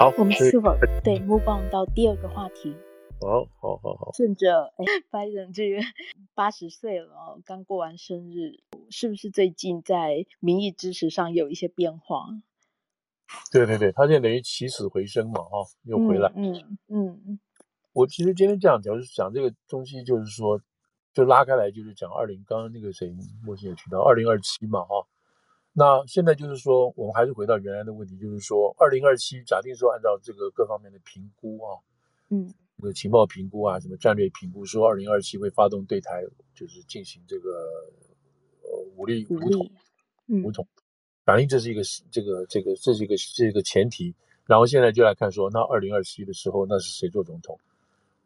好，我們是否對 move on 到第二個話題？哦、啊，好，好，好，順着。誒、哎，拜登，八十歲了，剛過完生日，是不是最近在民意支持上有一些變化？對對對，他現在等於起死回生嘛，哈、哦，又回來。嗯嗯嗯。我其實今天這樣講就是講這個東西，就是說，就拉開來就是講二零，剛剛那個誰，莫先生提到二零二七嘛，哈、哦。那現在就是說，我們還是回到原來的問題，就是說，二零二七，假定說按照這個各方面的評估啊，嗯，那個情報評估啊，什麼戰略評估，說二零二七會發動對台，就是進行這個呃武力武統，武統，反、嗯、定這是一個這個這個這是一個這個前提，然後現在就來看說，那二零二七的時候，那是誰做總統？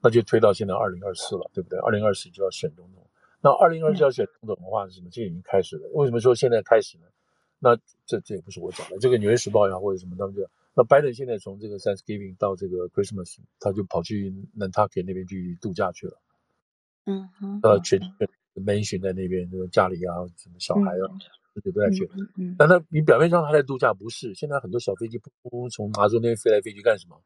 那就推到現在二零二四了，對不對？二零二四就要選總統，那二零二四要選總統的話是、嗯、什麼？這個、已經開始了。為什麼說現在開始呢？那這這也不是我講的，這個《紐約時報》呀或者什麼，他們就那拜登現在從這個 Thanksgiving 到這個 Christmas，他就跑去 Nantucket 那邊去度假去了，嗯哼，呃、嗯啊、全全 mansion 在那邊，就是家裡啊什麼小孩啊，就都在去嗯，那、嗯、他你表面上他在度假，不是現在很多小飛機不從麻州那邊飛來飛去幹什麼？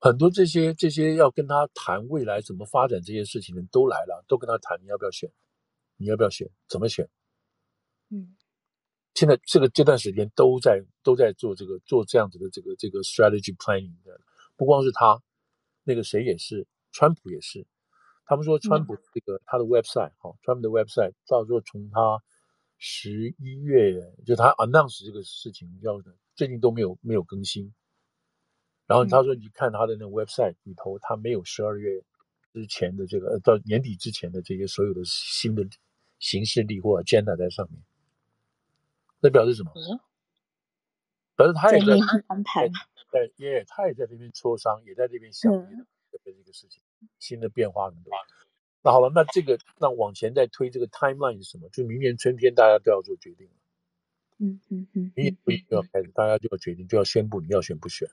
很多這些這些要跟他談未來怎麼發展這些事情的都來了，都跟他談你要不要選，你要不要選，怎麼選？嗯。現在這個這段時間都在都在做這個做這樣子的這個這個 strategy planning 的，不光是他，那個誰也是，川普也是。他們說川普這個、嗯、他的 website 哈、哦，川普的 website 到時候從他十一月就他 announce 這個事情要，最近都沒有沒有更新。然後他說你看他的那個 website 裡頭，嗯、他沒有十二月之前的這個到年底之前的這些所有的新的行事曆或 agenda 在上面。那表示什麼？表、嗯、示他也在對，耶，他也在這邊磋商，也在這邊想這邊、嗯、這個事情，新的變化很多。那好了，那這個那往前再推，這個 timeline 是什麼？就明年春天，大家都要做決定了。嗯嗯嗯，你也不一定要開始，大家就要決定，就要宣布你要選不選。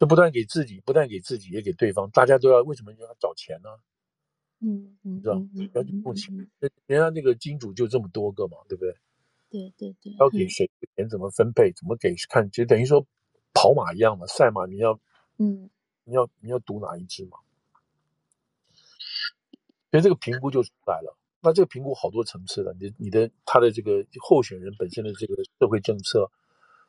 就不但給自己，不但給自己，也給對方，大家都要為什麼要找錢呢？嗯嗯，你知道，要集募錢，人家那個金主就這麼多個嘛，對不對？對對對，要給誰錢、嗯、怎麼分配，怎麼給看，就等於說跑馬一樣的賽馬，你要嗯，你要你要賭哪一隻嘛？所以這個評估就出來了。那這個評估好多層次了你的，你你的他的這個候選人本身的這個社會政策，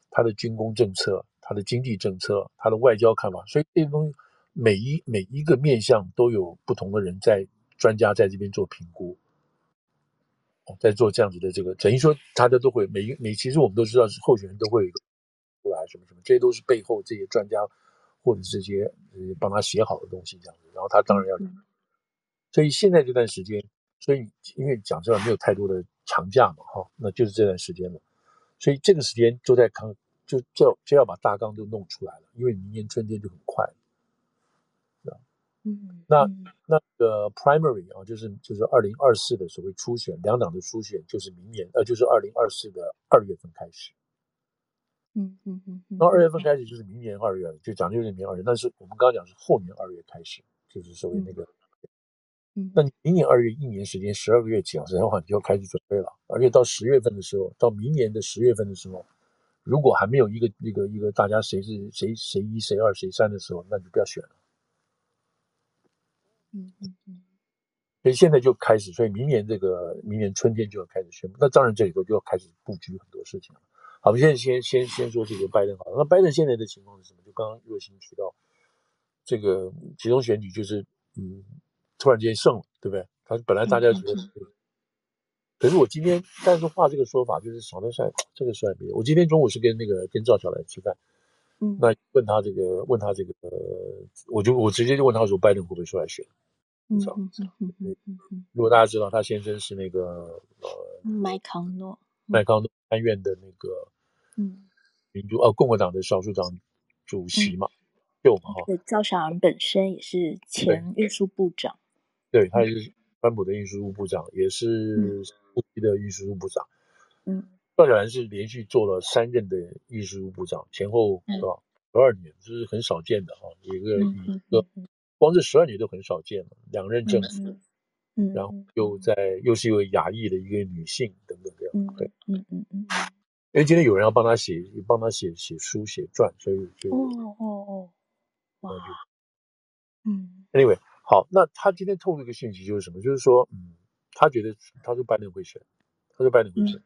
他的軍工政策，他的經濟政策，他的外交看法，所以這些東西每一每一個面向都有不同的人在專家在這邊做評估。在做這樣子的這個，等於說大家都會，每每其實我們都知道是候選人都會有一個出來什麼什麼，這些都是背後這些專家或者這些呃幫他寫好的東西這樣子，然後他當然要、嗯。所以現在這段時間，所以因為講實話沒有太多的長假嘛，哈、哦，那就是這段時間了。所以這個時間就在康，就就要就要把大綱就弄出來了，因為明年春天就很快。那那個 primary 啊，就是就是二零二四的所謂初選，兩黨的初選就是明年，呃，就是二零二四的二月份開始。嗯嗯嗯。那、嗯、二月份開始就是明年二月，就講究是明年二月，但是我們剛剛講是後年二月開始，就是所謂那個。嗯。嗯那明年二月一年時間，十二個月起啊，然後你就要開始準備了。而且到十月份的時候，到明年的十月份的時候，如果還沒有一個一個一個大家誰是誰誰一誰二誰三的時候，那就不要選了。嗯嗯嗯，所以現在就開始，所以明年這個明年春天就要開始宣布。那當然，這裡頭就要開始布局很多事情了。好，我們現在先先先說這個拜登好了。那拜登現在的情況是什麼？就剛剛若星提到這個期中選舉，就是嗯，突然間勝了，對不對？他本來大家覺得是、嗯嗯嗯，可是我今天但是話這個說法就是少，小的帥這個帥沒有。我今天中午是跟那個跟趙小蘭吃飯。嗯、那問他這個，問他這個，我就我直接就問他說，拜登會不會出來選？嗯嗯嗯嗯嗯、如果大家知道他先生是那個、呃、麥康諾，麥康諾參、嗯、院的那個嗯，民主呃、啊、共和黨的少數黨主席嘛，就、嗯、對嗎？哈。趙小蘭本身也是前運輸部長，對，對他也是川普的運輸部部長，也是布希的運輸部部長，嗯。趙小蘭是連續做了三任的運輸部長，前後是吧十二年，這、嗯就是很少見的哈、啊。一個一個、嗯嗯嗯，光是十二年都很少見了，兩任政府、嗯，嗯，然後又在、嗯、又是一位亞裔的一個女性，等等這樣。對，嗯嗯嗯。因為今天有人要幫他寫，幫他寫寫書寫傳，所以就哦哦哦，哇，嗯。anyway 好，那他今天透露一個訊息就是什麼？就是說，嗯，他覺得他說拜登會選，他說拜登會選。嗯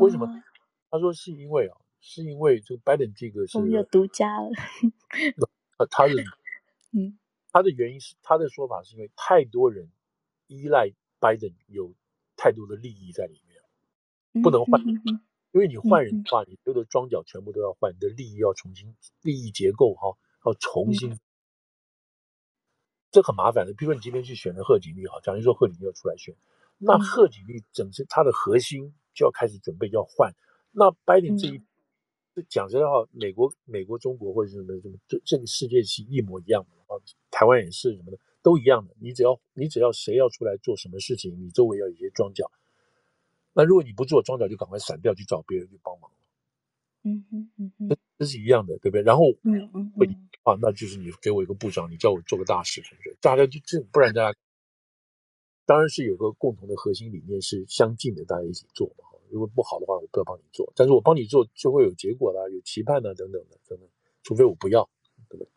為什麼？他說是因為啊，是因為這個 Biden 這個是我們有獨家了。他的，嗯，他的原因是他的說法是因為太多人依賴 Biden，有太多的利益在裡面，不能換、嗯嗯嗯嗯。因為你換人的話，你所有的樁腳全部都要換，你的利益要重新利益結構哈、啊，要重新、嗯，這很麻煩的。比如說你今天去選了賀錦麗哈，假如說賀錦麗要出來選。那賀錦麗整身她的核心就要開始準備要換，那拜登這一講真話，美國、嗯、美國中國或者什麼什麼這這個世界是一模一樣的，台灣也是什麼的，都一樣的。你只要你只要誰要出來做什麼事情，你周圍要有些樁腳。那如果你不做樁腳，就趕快散掉去找別人去幫忙。嗯哼嗯哼，這這是一樣的，對不對？然後會、嗯嗯、啊，那就是你給我一個部長，你叫我做個大事，是不是？大家就這，不然大家。當然是有個共同的核心理念是相近的，大家一起做嘛。如果不好的話，我不要幫你做。但是我幫你做就會有結果啦，有期盼吶、啊，等等的，等等，除非我不要，對不對？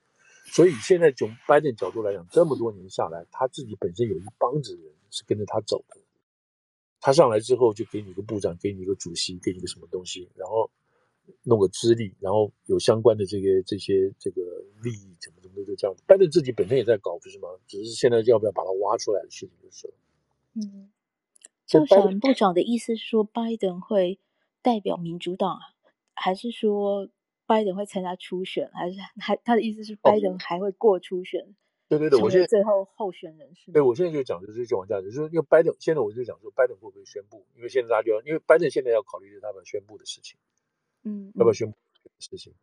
所以現在從拜登角度來講，這麼多年下來，他自己本身有一幫子人是跟着他走的。他上來之後，就給你一個部長，給你一個主席，給你一個什麼東西，然後弄個資歷，然後有相關的這些這些這個利益怎麼？就這樣，拜登自己本身也在搞，不是嗎？只是現在要不要把它挖出來的事情就是了，嗯，就小林部長的意思是說，拜登會代表民主黨還是說拜登會參加初選？還是還他的意思是，拜登還會過初選？Okay. 選對對對，我現在最後候選人是。對，我現在就講，就是這種價值就是因為拜登現在我就講說，拜登會不會宣布？因為現在他就要，因為拜登現在要考慮他們宣布的事情，嗯，要不要宣布的事情？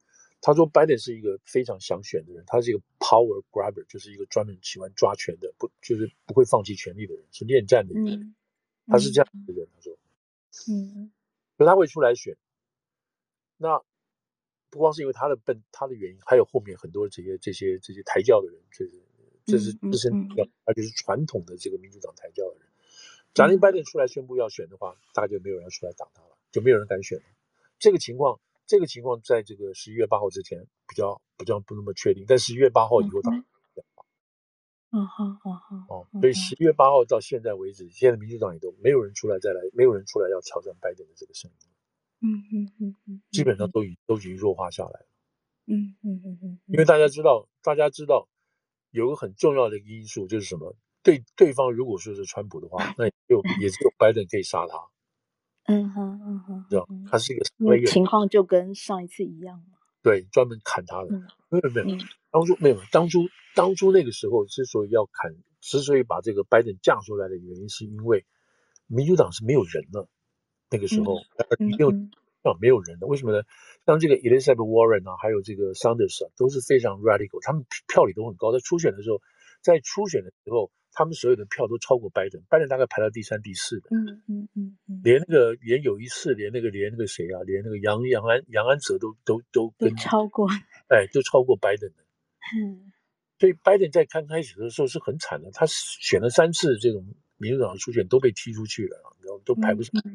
他說，拜登是一個非常想選的人，他是一個 power grabber，就是一個專門喜歡抓權的，不就是不會放棄權力的人，是戀戰的人、嗯。他是這樣的人。嗯、他說，嗯，可他會出來選。那不光是因為他的本他的原因，還有後面很多這些這些這些抬轎的人，這、就是這是自身、嗯嗯，而且是傳統的這個民主黨抬轎的人。假、嗯、如拜登出來宣布要選的話，大概就沒有人要出來擋他了，就沒有人敢選了。這個情況。這個情況在這個十一月八號之前比較比較不那麼確定，但十一月八號以後打，嗯，好，好好，哦，所以十一月八號到現在為止，現在民主黨也都沒有人出來再來，沒有人出來要挑戰拜登的這個聲音，嗯嗯嗯基本上都已都已經弱化下來，嗯嗯嗯嗯，因為大家知道，大家知道有個很重要的一個因素就是什麼？對對方如果說是川普的話，那也就 也只有拜登可以殺他。 嗯哼嗯哼，這、嗯、樣、嗯，他是一個、嗯。情況就跟上一次一樣嗎？對，專門砍他的。嗯、沒有沒有，當初沒有當初當初那個時候之所以要砍，之所以把這個拜登降出來的原因，是因為民主黨是沒有人的那個時候、嗯、沒有啊、嗯，沒有人的為什麼呢？像這個 Elizabeth Warren 啊，還有這個 Sanders、啊、都是非常 radical，他們票率都很高。在初選的時候，在初選的時候。他們所有的票都超過拜登，拜登大概排到第三、第四的。嗯嗯嗯。連那個連有一次，連那個連那個誰啊，連那個楊楊安楊安澤都都都都超過。哎，都超過拜登的。嗯。所以拜登在剛開始的時候是很慘的，他選了三次這種民主黨的初選都被踢出去了，都排不上。嗯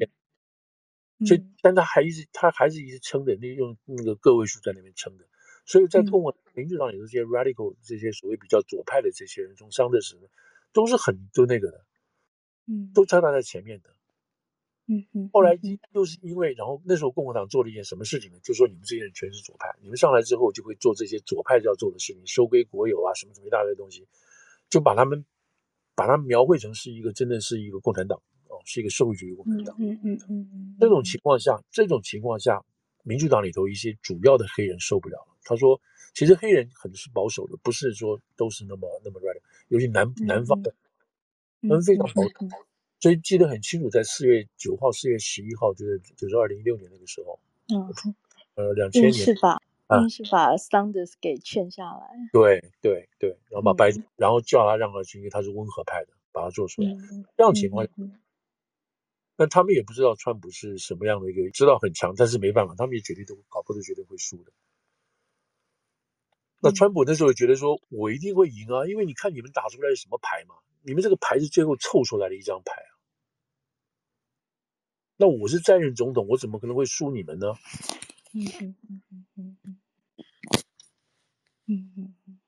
嗯。所以，但他還一直他還是一直撐着，那用那個個位數在那邊撐着。所以在通過民主黨有些 radical 這些所謂比較左派的這些人從上的時候。都是很就那個的，嗯，都摻雜在前面的，嗯，嗯後來就是因為，然後那時候共和黨做了一件什麼事情呢？就是說你們這些人全是左派，你們上來之後就會做這些左派要做的事情，收歸國有啊，什麼什麼一大堆東西，就把他們，把它描繪成是一個真的是一個共產黨哦，是一個社會主義共產黨。嗯嗯嗯。這種情況下，這種情況下，民主黨裡頭一些主要的黑人受不了了。他說，其實黑人很是保守的，不是說都是那麼那麼 radical。尤其南南方的人，嗯、非常保守，嗯嗯，所以記得很清楚，在四月九號、四月十一號，就是，就是就是二零一六年那個時候，嗯，呃，兩千年是吧？一是把，啊、把 Sanders 給勸下來，對對對，然後把白，嗯，然後叫他讓他去，因為他是溫和派的，把他做出來。嗯，這樣情況，嗯、但他們也不知道川普是什麼樣的一個，知道很強，但是沒辦法，他們也絕對都搞不懂，絕對會輸的。那川普那時候覺得說，我一定會贏啊，因為你看你們打出來什麼牌嘛，你們這個牌是最後湊出來的一張牌啊。那我是在任總統，我怎麼可能會輸你們呢？嗯嗯嗯嗯嗯嗯嗯，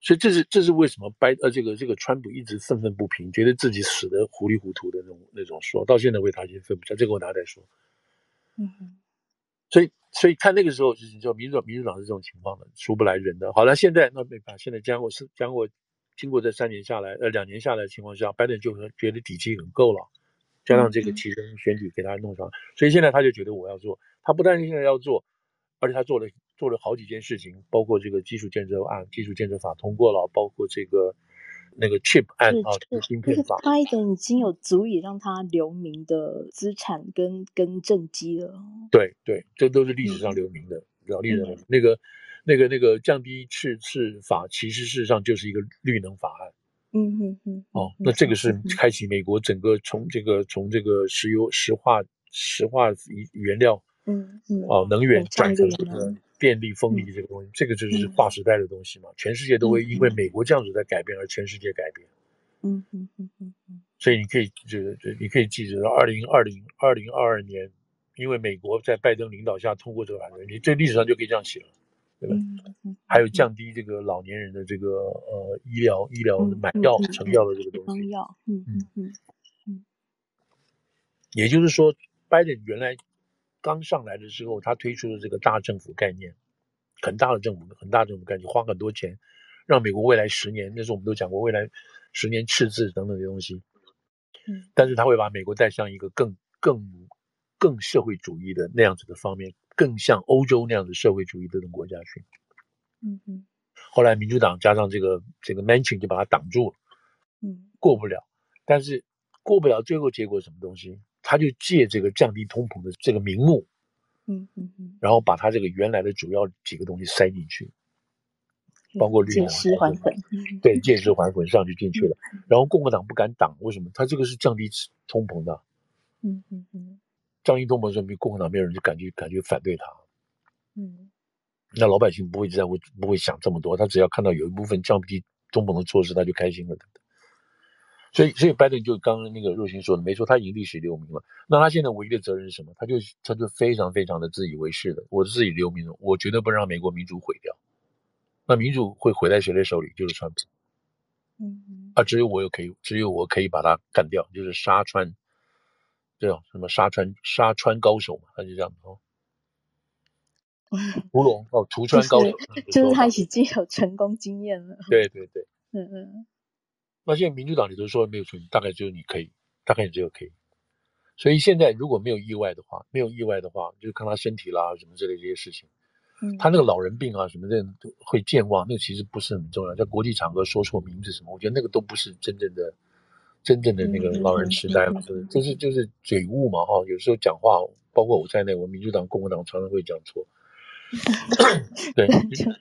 所以這是這是為什麼拜，呃這個這個川普一直憤憤不平，覺得自己死得糊裡糊塗的那種那種說，到現在為止他已經分不清，這個我拿來說。嗯，所以。所以看那個時候就是叫民主黨民主黨是這種情況的，出不來人的好了。現在那沒辦法，現在將過是將過經過這三年下來呃兩年下來的情況下，拜登就很覺得底氣很夠了，加上這個期中選舉給他弄上，嗯，所以現在他就覺得我要做。他不但是現在要做，而且他做了做了好幾件事情，包括這個基礎建設案，基礎建設法通過了，包括這個。那個 chip 案啊，這個芯片法，那個、拜登已經有足以讓它留名的資產跟跟政績了。對對，這都是歷史上留名的，老歷史那個那個那個降低赤赤法，其實事實上就是一個綠能法案。嗯嗯嗯。哦、嗯啊嗯，那這個是開啟美國整個從這個、嗯、從這個石油石化石化原料，嗯嗯，哦、啊、能源轉型電力分離這個東西，嗯、這個就是劃時代的東西嘛、嗯，全世界都會因為美國這樣子在改變而全世界改變。嗯嗯嗯嗯嗯。所以你可以就是你可以記住，二零二零二零二二年，因為美國在拜登領導下通過這個法案，你這歷史上就可以這樣寫了，對吧？嗯嗯嗯、還有降低這個老年人的這個呃醫療醫療買藥成藥的這個東西。嗯嗯嗯嗯，嗯。也就是說，拜登原來。剛上來的時候，他推出了這個大政府概念，很大的政府，很大政府概念，花很多錢，讓美國未來十年，那時候我們都講過，未來十年赤字等等的東西。嗯。但是他會把美國帶上一個更更更社會主義的那樣子的方面，更像歐洲那樣的社會主義這種國家去。嗯嗯。後來民主黨加上這個這個 Manchin 就把它擋住了。嗯。過不了、嗯，但是過不了，最後結果什麼東西？他就借這個降低通膨的這個名目，嗯嗯嗯，然後把他這個原來的主要幾個東西塞進去，嗯、包括借屍還魂， 對，借屍還魂上去進去了、嗯。然後共和黨不敢擋，為什麼？他這個是降低通膨的，嗯嗯嗯，降低通膨的時候共和黨沒有人就敢去敢去反對他，嗯，那老百姓不會在乎，不會想這麼多，他只要看到有一部分降低通膨的措施，他就開心了。所以，所以拜登就剛剛那個若心說的沒錯，他已經歷史留名了。那他現在唯一的責任是什麼？他就他就非常非常的自以為是的，我自己留名了，我絕對不讓美國民主毀掉。那民主會毀在誰的手裡？就是川普。嗯嗯。啊，只有我有可以，只有我可以把他幹掉，就是殺川，對吧？什麼殺川殺川高手嘛，他就這樣的哦。屠龍哦，屠川高手，就是。就是他已經有成功經驗了。嗯，對對對。嗯嗯。那現在民主黨裡頭說沒有錯，意，大概只有你可以，大概也只有可以。所以現在如果沒有意外的話，沒有意外的話，就看他身體啦什麼之類這些事情，嗯。他那個老人病啊什麼的會健忘，那個，其實不是很重要。在國際場合說錯名字什麼，我覺得那個都不是真正的，真正的那個老人痴呆嘛，嗯。就是就是嘴誤嘛哈，哦。有時候講話，包括我在內，我們民主黨、共和黨常常會講錯。 對，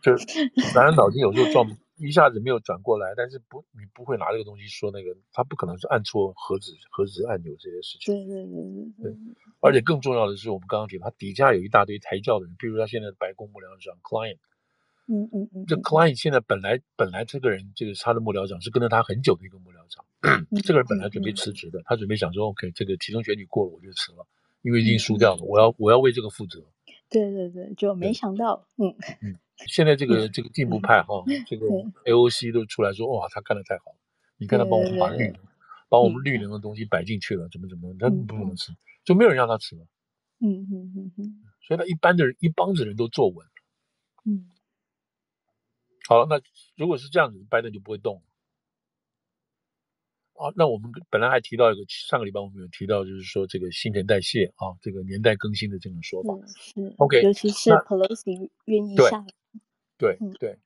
就是反正腦筋有時候撞。一下子沒有轉過來，但是不，你不會拿這個東西說那個，他不可能是按錯盒子、盒子按鈕這些事情。對對對對，對。而且更重要的是，我們剛剛提到，他底下有一大堆抬轎的人，比如他現在白宮幕僚長 Klain。嗯嗯嗯。這 Klain 現在本來本來這個人，這個他的幕僚長是跟着他很久的一個幕僚長、嗯，這個人本來準備辭職的，嗯、他準備想說、嗯、OK，這個期中選舉過了我就辭了，因為已經輸掉了，嗯、我要我要為這個負責。對對對，就沒想到，嗯嗯。嗯現在這個、嗯、這個進步派哈、嗯嗯，這個 AOC 都出來說：“哇、嗯哦，他幹的太好了！嗯、你看他幫我們綠，把我們綠能的東西擺進去了，嗯、怎麼怎麼，他不能吃、嗯，就沒有人讓他吃了。嗯”嗯哼哼哼。所以他一般的人一幫子人都坐穩嗯。好了，那如果是這樣子，拜登就不會動了。啊，那我們本來還提到一個，上個禮拜我們有提到，就是說這個新陳代謝啊，這個年代更新的這種說法。嗯、是 o、okay, k 尤其是 Pelosi 願意下。對對，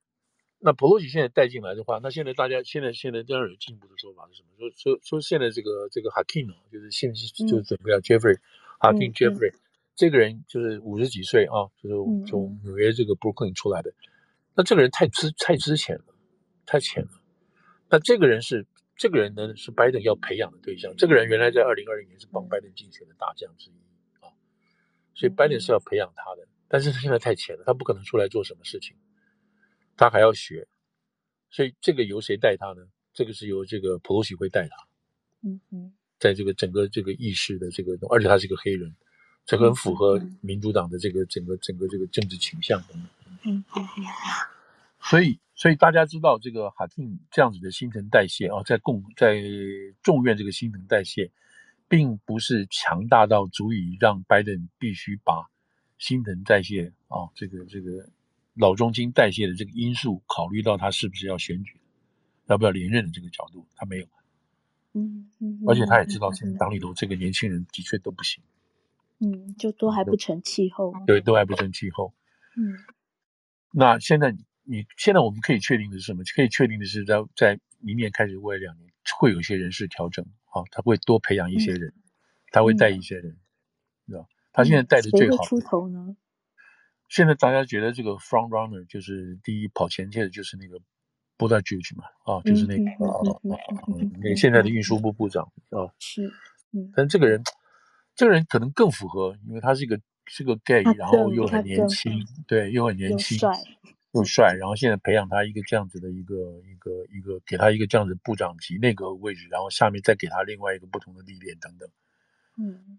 那佩洛西現在帶進來的話，那現在大家現在現在當然有進步的說法是什麼？說說說現在這個這個哈金啊，就是現在是就準備要 Jeffries 哈金 Jeffries 這個人就是五十幾歲啊，就是從紐約這個布魯克林出來的、嗯。那這個人太之太之前了，太淺了。那這個人是這個人呢是拜登要培養的對象。這個人原來在二零二零年是幫拜登競選的大將之一啊、嗯，所以拜登是要培養他的，但是他現在太淺了，他不可能出來做什麼事情。他還要學，所以這個由誰帶他呢？這個是由這個普羅西會帶他。嗯嗯，在這個整個這個議事的這個，而且他是一個黑人，嗯、這很符合民主黨的這個整個、嗯、整個這個政治傾向嗯嗯，嗯所以，所以大家知道這個哈廷這樣子的新陳代謝啊、哦，在共在眾院這個新陳代謝，並不是強大到足以讓拜登必須把新陳代謝啊、哦，這個這個。老中青代謝的這個因素，考慮到他是不是要選舉，要不要連任的這個角度，他沒有。嗯嗯。而且他也知道，現在黨裡頭這個年輕人的確都不行。嗯，就都還不成氣候。對，都還不成氣候。嗯。那現在你，現在我們可以確定的是什麼？可以確定的是在，在在明年開始未來兩年，會有一些人事調整。啊，哦，他會多培養一些人，嗯，他會帶一些人，嗯，是吧？他現在帶的最好的，誰會出頭呢？現在大家覺得這個 front runner 就是第一跑前切的就是那個，Buttigieg 嘛，啊，就是那個啊，嗯，那、嗯嗯嗯嗯、現在的運輸部部長啊，是、嗯嗯嗯嗯，嗯，但是這個人，這個人可能更符合，因為他是一個是一個 gay、啊、然後又很年輕、啊對對，對，又很年輕，又帥，又帥、嗯，然後現在培養他一個這樣子的一個一個一個，給他一個這樣子部長級那個位置，然後下面再給他另外一個不同的歷練等等，嗯，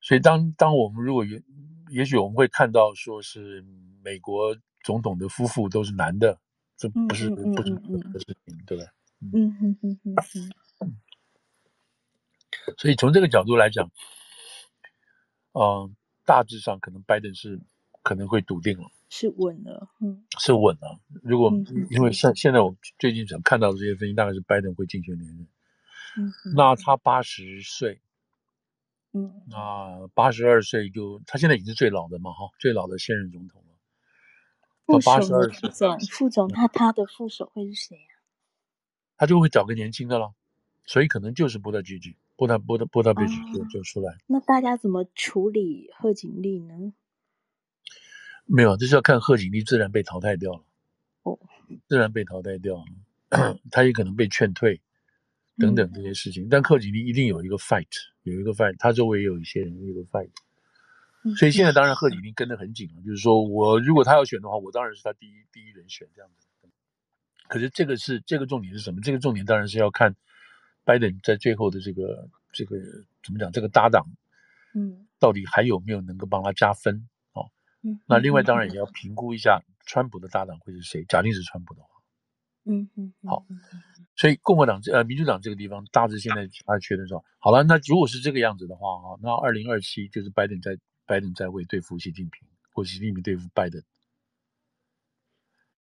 所以當當我們如果原。也許我們會看到，說是美國總統的夫婦都是男的，這不是、嗯嗯嗯、不是不的事情、嗯，對吧？嗯嗯嗯嗯嗯。所以從這個角度來講，嗯、呃，大致上可能拜登是可能會篤定了，是穩了，嗯，是穩了。如果、嗯、因為像現在我最近想看到的這些分析，大概是拜登會競選連任、嗯嗯，那他八十歲。嗯，那八十二歲就他現在已經是最老的嘛，哈，最老的現任總統了。八十二歲副總，副總，那總他，他的副手會是誰呀、啊？他就會找個年輕的了，所以可能就是波塔 GG 波塔、波塔、波塔貝奇就、哦、就出來。那大家怎麼處理賀錦麗呢？沒有，就是要看賀錦麗自然被淘汰掉了。哦，自然被淘汰掉了，嗯、 他也可能被勸退。等等這些事情，mm -hmm. 但賀錦麗一定有一個 fight，有一個 fight，他周圍也有一些人有一個 fight，mm -hmm. 所以現在當然賀錦麗跟得很緊了，就是說我如果他要選的話，我當然是他第一第一人選這樣子的。可是這個是這個重點是什麼？這個重點當然是要看 Biden 在最後的這個這個怎麼講，這個搭檔，嗯，到底還有沒有能夠幫他加分啊？嗯、mm -hmm. 哦，那另外當然也要評估一下川普的搭檔會是誰。假定是川普的話，嗯嗯，好。所以共和黨這呃民主黨這個地方大致現在還缺的少好了，那如果是這個樣子的話哈，那二零二七就是拜登在拜登在位對付習近平，或習近平對付拜登。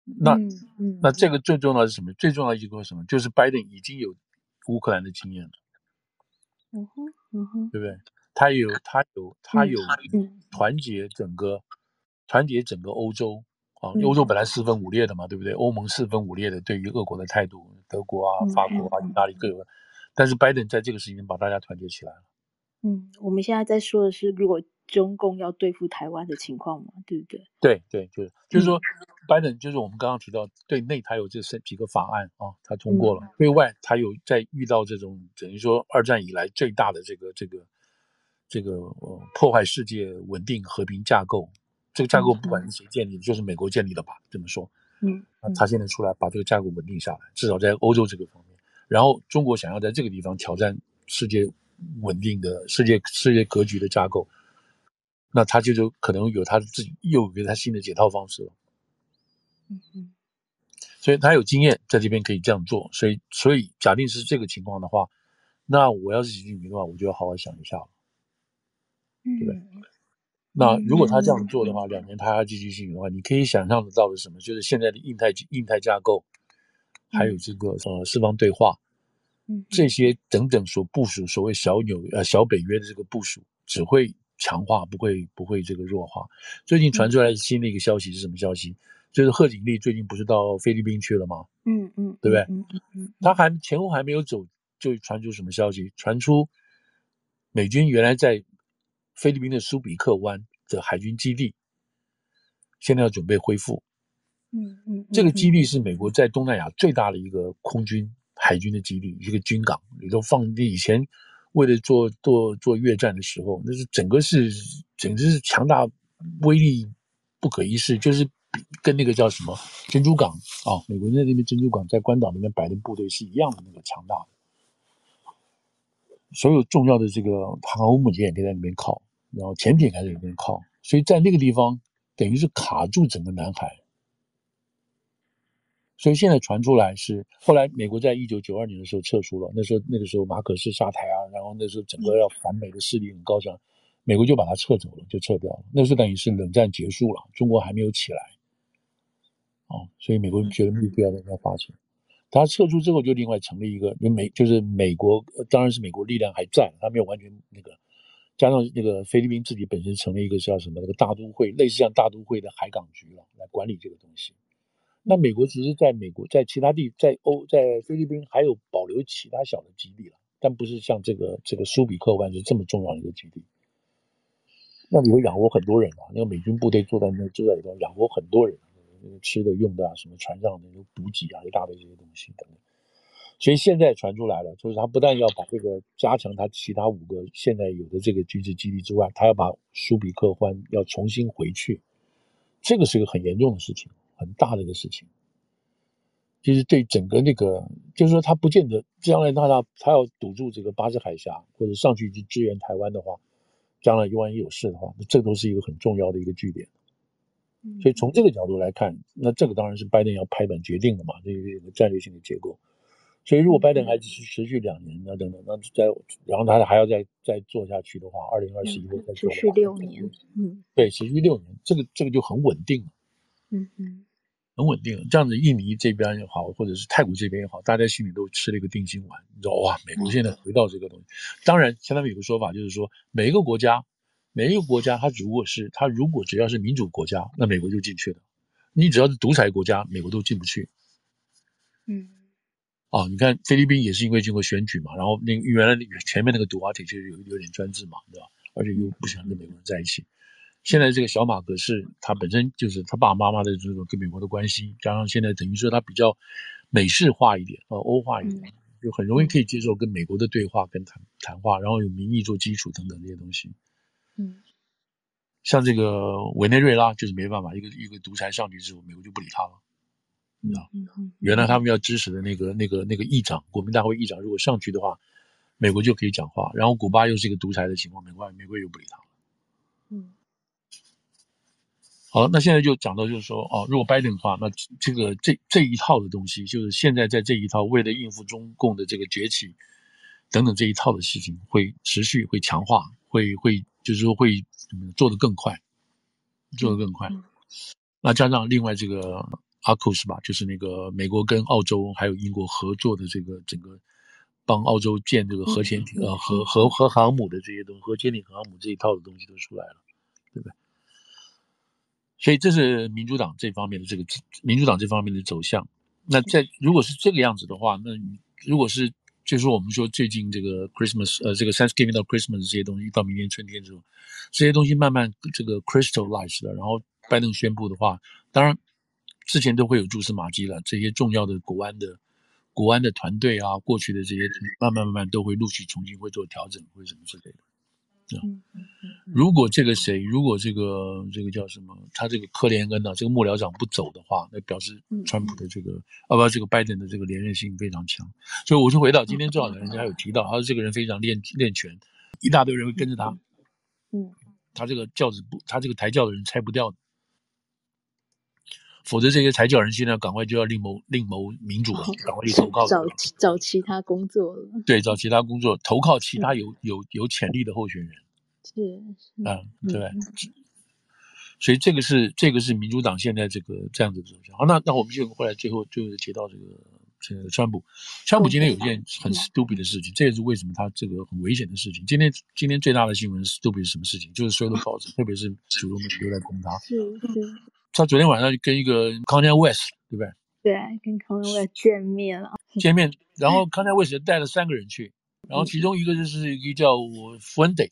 那、嗯嗯、那這個最重要的是什麼？嗯、最重要一個是什麼？就是拜登已經有烏克蘭的經驗了，嗯哼嗯哼，對不對？他有他有他有,他有團結整個、嗯嗯、團結整個歐洲。啊，歐洲本來四分五裂的嘛，嗯、對不對？歐盟四分五裂的，對於俄國的態度，德國啊、法國啊、意、嗯、大利各有，但是拜登在這個事情把大家團結起來了。嗯，我們現在在說的是，如果中共要對付台灣的情況嘛，對不對？對對，對，就是就是說拜登、嗯、就是我們剛剛提到，對內他有這三幾個法案啊，他通過了；對、嗯、外他有在遇到這種等於說二戰以來最大的這個這個這個破壞、呃、世界穩定和平架構。這個架構不管是誰建立的，就是美國建立的吧？這麼說嗯，嗯，那他現在出來把這個架構穩定下來，至少在歐洲這個方面。然後中國想要在這個地方挑戰世界穩定的世界世界格局的架構，那他就就可能有他自己又一個他新的解套方式了。嗯嗯，所以他有經驗在這邊可以這樣做。所以所以假定是這個情況的話，那我要是習近平的話，我就要好好想一下了，對？嗯那如果他這樣做的話，嗯嗯嗯嗯、兩年他積極性的話、嗯嗯，你可以想象得到的是什麼？就是現在的印太印太架構，還有這個呃四方對話，這些等等所部署所謂小紐呃小北約的這個部署，只會強化，不會不會這個弱化。最近傳出來的新的一個消息是什麼消息？嗯、就是賀錦麗最近不是到菲律賓去了嗎？嗯嗯，對不對？嗯嗯嗯、他還前後還沒有走，就傳出什麼消息？傳出美軍原來在。菲律賓的蘇比克灣的海軍基地，現在要準備恢復。嗯嗯，嗯，這個基地是美國在東南亞最大的一個空軍、海軍的基地，一個軍港裡頭放的。以前為了做做做越戰的時候，那是整個是，簡直是強大威力不可一世，就是跟那個叫什麼珍珠港啊、哦，美國人在那邊珍珠港在關島那邊擺的部隊是一樣的那個強大的。所有重要的這個航空母艦也都在那邊靠。然後潛艇開始有點靠，所以在那個地方等於是卡住整個南海。所以現在傳出來是後來美國在一九九二年的時候撤出了，那時候那個時候馬可仕沙台啊，然後那時候整個要反美的勢力很高漲，美國就把它撤走了，就撤掉了。那時候等於是冷戰結束了，中國還沒有起來，哦、啊，所以美國人覺得沒必要再花錢。它撤出之後就另外成立一個，就是、美就是美國，當然是美國力量還在，它沒有完全那個。加上那個菲律賓自己本身成立一個叫什麼那個大都會，類似像大都會的海港局了、啊，來管理這個東西。那美國其實在美國在其他地在歐在菲律賓還有保留其他小的基地了、啊，但不是像這個這個蘇比克灣是這麼重要的一個基地。那裡會養活很多人嘛、啊？那個美軍部隊坐在那坐在裡邊養活很多人、啊，那個、吃的用的啊，什麼船上的有補給啊一大堆這些東西等等。所以現在傳出來了，就是他不但要把這個加強，他其他五個現在有的這個軍事基地之外，他要把蘇比克灣要重新回去，這個是一個很嚴重的事情，很大的一個事情。就是對整個那個，就是說他不見得將來他要他要堵住這個巴士海峽，或者上去去支援台灣的話，將來萬一有事的話，這都是一個很重要的一個據點。所以從這個角度來看，那這個當然是拜登要拍板決定的嘛，這個戰略性的結構。所以，如果拜登還持持續兩年那等等，嗯、那再然後他還要再再做下去的話，二零二十一會、嗯、持續六年，嗯，對，持續六年，這個這個就很穩定了，嗯嗯，很穩定。這樣子，印尼這邊也好，或者是泰國這邊也好，大家心裡都吃了一個定心丸。你知道，哇，美國現在回到這個東西。嗯、當然，現在有個說法，就是說，每一個國家，每一個國家，它如果是它如果只要是民主國家，那美國就進去了；你只要是獨裁國家，美國都進不去。嗯。哦，你看菲律賓也是因為經過選舉嘛，然後那原來前面那個杜特蒂就有有點專制嘛，對吧？而且又不想跟美國人在一起。現在這個小馬可仕他本身就是他爸爸媽媽的這種跟美國的關係，加上現在等於說他比較美式化一點啊、呃，歐化一點、嗯，就很容易可以接受跟美國的對話跟談談話，然後有民意做基礎等等這些東西。嗯，像這個委內瑞拉就是沒辦法，一個一個獨裁上去之後，美國就不理他了。嗯，原來他們要支持的那個、那個、那個議長，國民大會議長，如果上去的話，美國就可以講話。然後古巴又是一個獨裁的情況，美國美國又不理他了。嗯，好，那現在就講到就是說，哦，如果拜登的話，那這個這這一套的東西，就是現在在這一套為了應付中共的這個崛起等等這一套的事情，會持續會強化，會會就是說會、嗯、做得更快，做得更快。嗯、那加上另外這個。AUKUS 吧，就是那個美國跟澳洲還有英國合作的這個整個幫澳洲建這個核潛艇、呃、嗯嗯啊、核核核航母的這些東西、核潛艇核航母這一套的東西都出來了，對不對？所以這是民主黨這方面的這個民主黨這方面的走向。那在如果是這個樣子的話，那如果是就是我們說最近這個 Christmas 呃這個 Thanksgiving 到 Christmas 這些東西到明年春天之後，這些東西慢慢這個 crystallized 了，然後拜登宣布的話，當然。之前都會有蛛絲馬迹了，這些重要的國安的國安的團隊啊，過去的這些，慢慢慢慢都會陸續重新會做調整，或者什麼之類的、啊嗯嗯。如果這個誰，如果這個這個叫什麼，他這個科林恩啊，這個幕僚長不走的話，那表示川普的這個、嗯嗯、啊不，這個拜登的這個連任性非常強。所以我就回到今天，正好人家有提到、嗯嗯，他說這個人非常練練權，一大堆人會跟着他嗯。嗯，他這個轎子不，他這個抬轎的人拆不掉的。否則這些才決人現在趕快就要另謀另謀民主了，哦、趕快去投靠找找其他工作了。對，找其他工作，投靠其他有、嗯、有有潛力的候選人。是、嗯、啊，對、嗯。所以這個是這個是民主黨現在這個這樣子走向。好、啊，那那我們就後來最後就提到這個現在的川普。川普今天有件很 stupid 的事情，哦、這也是為什麼他這個很危險的事情。嗯、今天今天最大的新聞 stupid 是什麼事情？就是所有的報紙， 特別是主流媒體都在攻他。是是。他昨天晚上跟一個 Kanye West 對不對？對，跟 Kanye West 見面了。見面，然後 Kanye West 帶了三個人去，然後其中一個就是一個叫 Fuentes，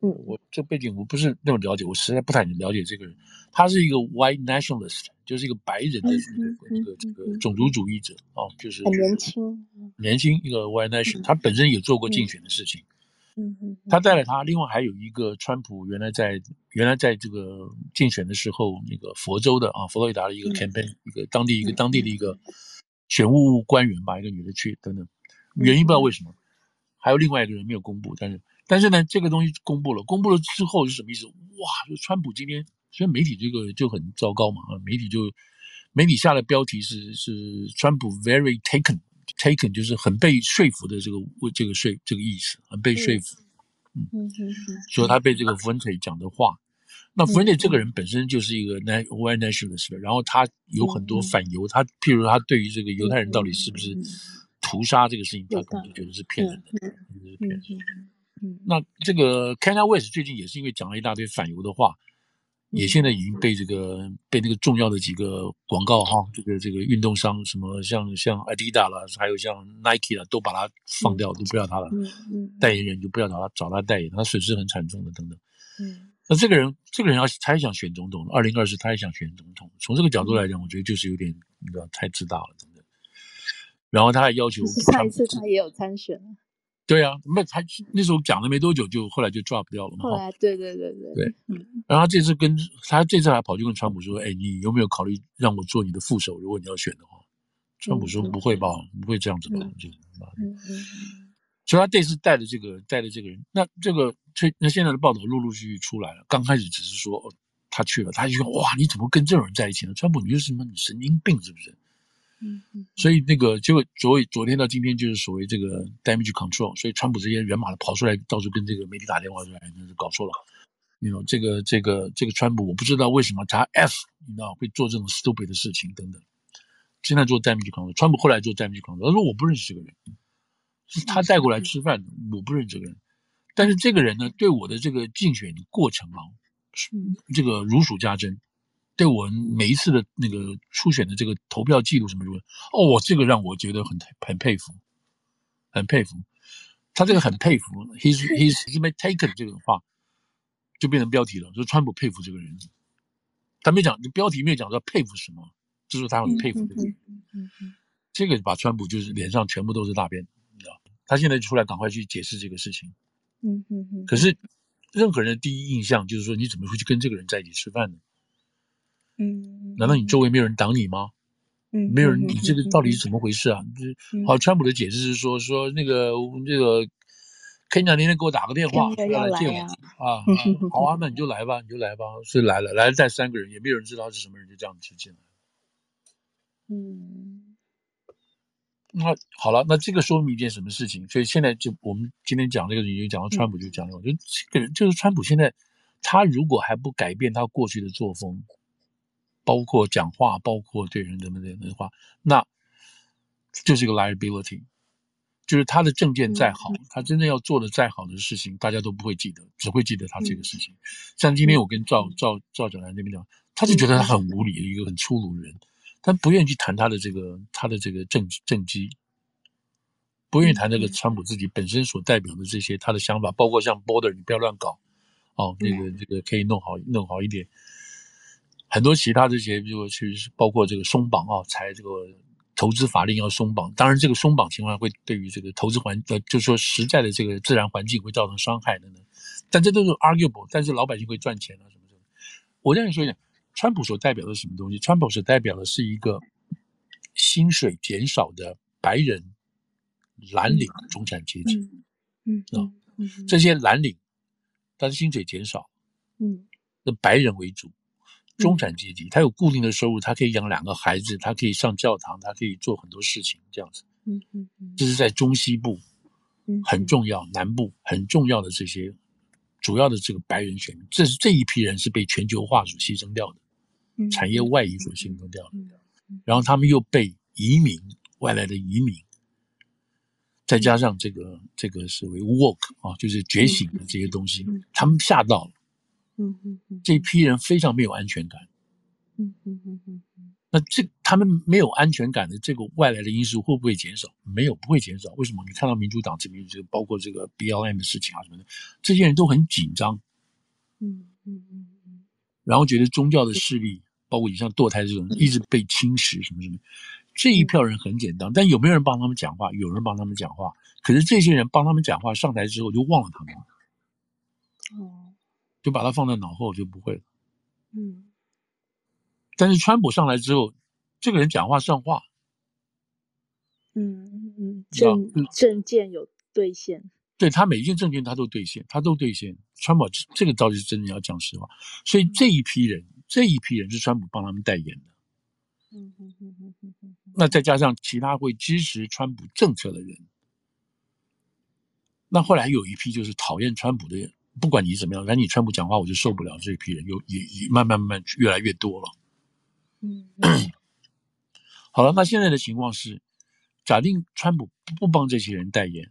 嗯，我這背景我不是那麼了解，我實在不太能了解這個人。他是一個 white nationalist，就是一個白人的一個這個種族主義者、嗯嗯嗯嗯嗯、啊，就是很年輕，年輕一個 white nation，、嗯、他本身也做過競選的事情。嗯，哼嗯，他帶了他，另外還有一個川普原來在原來在這個競選的時候，那個佛州的啊，佛羅里達的一個 campaign 嗯嗯，一個當地一個當地的一個選務官員吧，一個女的去等等，原因不知道為什麼嗯嗯，還有另外一個人沒有公布，但是但是呢，這個東西公布了，公布了之後是什麼意思？哇，就川普今天所以媒體這個就很糟糕嘛啊，媒體就媒體下的標題是是川普 very taken。Taken 就是很被說服的這個這個說這個意思，很被說服。嗯，嗯所以他被這個 Fuentes 講的話，嗯、那 Fuentes 這個人本身就是一個 nati、嗯、onalist 然後他有很多反猶，嗯、他譬如他對於這個猶太人到底是不是屠殺這個事情，嗯嗯、他可能覺得是，是騙人的，嗯。就是嗯就是、嗯嗯那這個 Kanye West 最近也是因為講了一大堆反猶的話。也現在已經被這個、嗯、被那個重要的幾個廣告哈、嗯，這個這個運動商什麼像像 Adidas 啦，還有像 Nike 啦，都把他放掉，嗯、都不要他了、嗯嗯。代言人就不要找他，找他代言，他損失很慘重的等等。嗯，那這個人，這個人要他也想選總統，二零二四他也想選總統，從這個角度來講，我覺得就是有點你知道太自大了，等等。然後他還要求下一次他也有參選。對啊，那他那時候講了沒多久就，就後來就 drop 掉了嘛。對對對對。對，嗯。然後他這次跟他這次還跑去跟川普說：“哎，你有沒有考慮讓我做你的副手？如果你要選的話。”川普說：“不會吧，嗯，不會這樣子吧？”嗯，就是吧嗯嗯，所以他這次帶着這個帶着這個人，那這個這那現在的報道陸陸續續出來了。剛開始只是說哦他去了，他就說：“哇，你怎麼跟這種人在一起呢？川普，你是什麼？你神經病是不是？”嗯嗯， 所以那個結果，昨昨天到今天就是所謂這個 damage control，所以川普這些人馬的跑出來到處跟這個媒體打電話出來，那、就是搞錯了。你知道這個這個這個川普，我不知道為什麼他 f 你知道會做這種 stupid 的事情等等。現在做 damage control，川普後來做 damage control，他說，我不認識這個人，是他帶過來吃飯的是是，我不認識這個人。但是這個人呢，對我的這個競選過程啊，這個如數家珍。對我每一次的那個初選的這個投票記錄什麼什麼，哦，我這個讓我覺得很很佩服，很佩服。他這個很佩服 ，he's he's he's very taken 這個話就變成標題了，說川普佩服這個人。他沒講，標題沒有講講到佩服什麼，就是他很佩服這個人。 這個把川普就是臉上全部都是大便，你知道？他現在就出來趕快去解釋這個事情。嗯 可是任何人的第一印象就是說，你怎麼會去跟這個人在一起吃飯呢？嗯，難道你周圍沒有人擋你嗎？嗯哼哼哼，沒有人，你這個到底是怎麼回事啊？這、嗯、好，川普的解釋是說，說那個我、那個，Kanye 那天給我打個電話，說要來，來見我來啊，啊，好啊，那你就來吧，你就來吧， 所以來了，來了帶三個人，也沒有人知道是什麼人，就這樣子進來了。嗯，那好了，那這個說明一件什麼事情？所以現在就我們今天講這個，就講到川普，就講到，就這個人就是川普，現在他如果還不改變他過去的作風。包括講話，包括對人怎麼怎麼的話，那就是一個 liability，就是他的政見再好，嗯，他真的要做的再好的事情，嗯，大家都不會記得，只會記得他這個事情。嗯、像今天我跟趙、嗯、趙趙，趙小蘭那邊講，他就覺得他很無理的、嗯、一個很粗魯人，他、嗯、不願意去談他的這個他的這個政政績，不願意談那個川普自己本身所代表的這些他的想法，嗯、包括像 border 你不要亂搞哦、嗯，那個這個可以弄好弄好一點。很多其他這些，比如去包括這個鬆綁啊，才這個投資法令要鬆綁。當然，這個鬆綁情況會對於這個投資環，呃，就是、說實在的這個自然環境會造成傷害的呢。但這都是 arguable。但是老百姓會賺錢啊，什麼什麼？我再跟你說一下，川普所代表的是什麼東西？川普所代表的是一個薪水減少的白人藍領中產階級。嗯，啊、嗯嗯嗯嗯嗯嗯，這些藍領，但是薪水減少，嗯，那白人為主。中產階級，他有固定的收入，他可以養兩個孩子，他可以上教堂，他可以做很多事情，這樣子。嗯嗯嗯，這是在中西部，嗯，很重要，嗯嗯、南部很重要的這些主要的這個白人選民，這是這一批人是被全球化所犧牲掉的，嗯，產業外移所犧牲掉的，嗯嗯嗯嗯、然後他們又被移民外來的移民，再加上這個這個所謂 woke 啊，就是覺醒的這些東西，嗯嗯嗯嗯、他們嚇到了。嗯嗯嗯，這一批人非常沒有安全感。嗯嗯嗯嗯，那這他們沒有安全感的這個外來的因素會不會減少？沒有，不會減少。為什麼？你看到民主黨這邊，就包括這個 BLM 的事情啊什麼的，這些人都很緊張。嗯嗯嗯嗯，然後覺得宗教的勢力，嗯、包括你像墮胎這種、嗯，一直被侵蝕，什麼什麼，這一票人很簡單，但有沒有人幫他們講話？有人幫他們講話，可是這些人幫他們講話上台之後就忘了他們了。哦、嗯。就把它放在腦後，就不會了。嗯。但是川普上來之後，這個人講話算話。嗯嗯，嗯。政政見有兌現。對，他每一件政見，他都兌現，他都兌現。川普這個倒是真的要講實話，所以這一批人，這一批人是川普幫他們代言的。嗯嗯嗯嗯嗯。那再加上其他會支持川普政策的人，那後來有一批就是討厭川普的人。不管你怎麼樣，反正你川普講話，我就受不了。這一批人又也，也慢，慢慢慢越來越多了。嗯 ，好了，那現在的情況是，假定川普不幫這些人代言，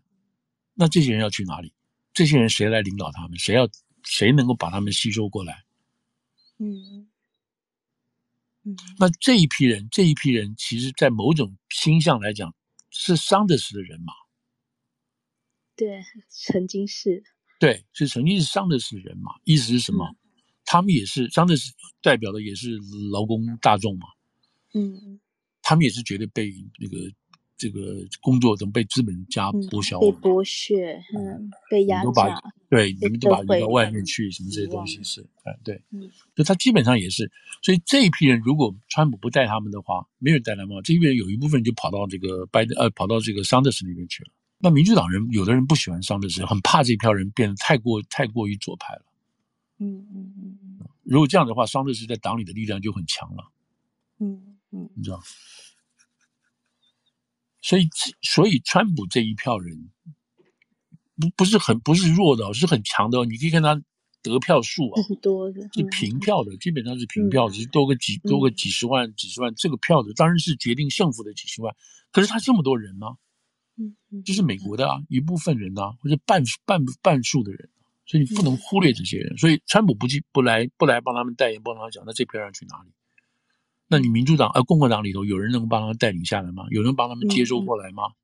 那這些人要去哪裡？這些人誰來領導他們？誰要誰能夠把他們吸收過來？嗯嗯，那這一批人，這一批人，其實在某種傾向來講，是桑德斯的人馬。對，曾經是。對，所以曾經是桑德斯人嘛，意思是什麼？嗯、他們也是桑德斯代表的，也是勞工大眾嘛。嗯，他們也是覺得被那個這個工作中被資本家剝削，被剝削，嗯，被壓榨，嗯嗯。對，你們都跑到外面去，什麼這些東西是？嗯，對，就、嗯、他基本上也是。所以這一批人，如果川普不帶他們的話，沒有帶來嘛。這一批人有一部分就跑到這個拜登，呃，跑到這個桑德斯那邊去了。那民主黨人有的人不喜歡桑德斯，很怕這一票人變得太過太過於左派了。嗯嗯嗯。如果這樣的話，桑德斯在黨裡的力量就很強了。嗯嗯，你知道。所以所以川普這一票人不不是很不是弱的，是很強的。你可以看他得票數啊，很多，嗯，是平票的，基本上是平票，嗯、只是多個幾多個幾十萬幾十萬這個票的，當然是決定勝負的幾十萬。可是他這麼多人呢，啊？嗯，就是美國的啊，一部分人的啊，或者半半半數的人，所以你不能忽略這些人。嗯、所以川普不去不來不來幫他們代言，不幫他們講，那這批人去哪裡？那你民主黨呃，共和黨裡頭有人能幫他們帶領下來嗎？有人幫他們接收過來嗎？嗯嗯，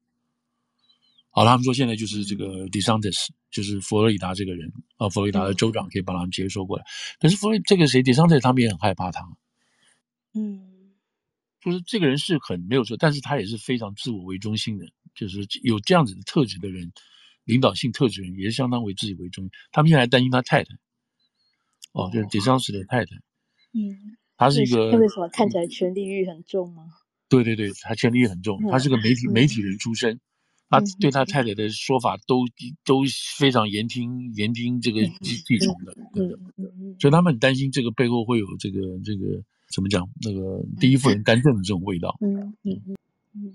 好了，他們說現在就是這個 DeSantis，就是佛羅里達這個人啊、呃，佛羅里達的州長可以幫他們接收過來。嗯。可是佛羅里達這個誰？DeSantis 他們也很害怕他。嗯。就是這個人是很沒有錯，但是他也是非常自我為中心的。就是有這樣子的特質的人，領導性特質人也是相當為自己為中心。他們現在擔心他太太，哦，就是 DeSantis 的太太。嗯、哦，他是一個。嗯、為什麼看起來權力慾很重嗎？對對對，他權力慾很重。他是個媒體、嗯、媒體人出身，他、嗯、對他太太的說法都都非常言聽言聽這個計計從的。嗯，對對嗯，所以他們很擔心這個背後會有這個這個。怎麼講？那個第一夫人干政的這種味道。嗯嗯嗯。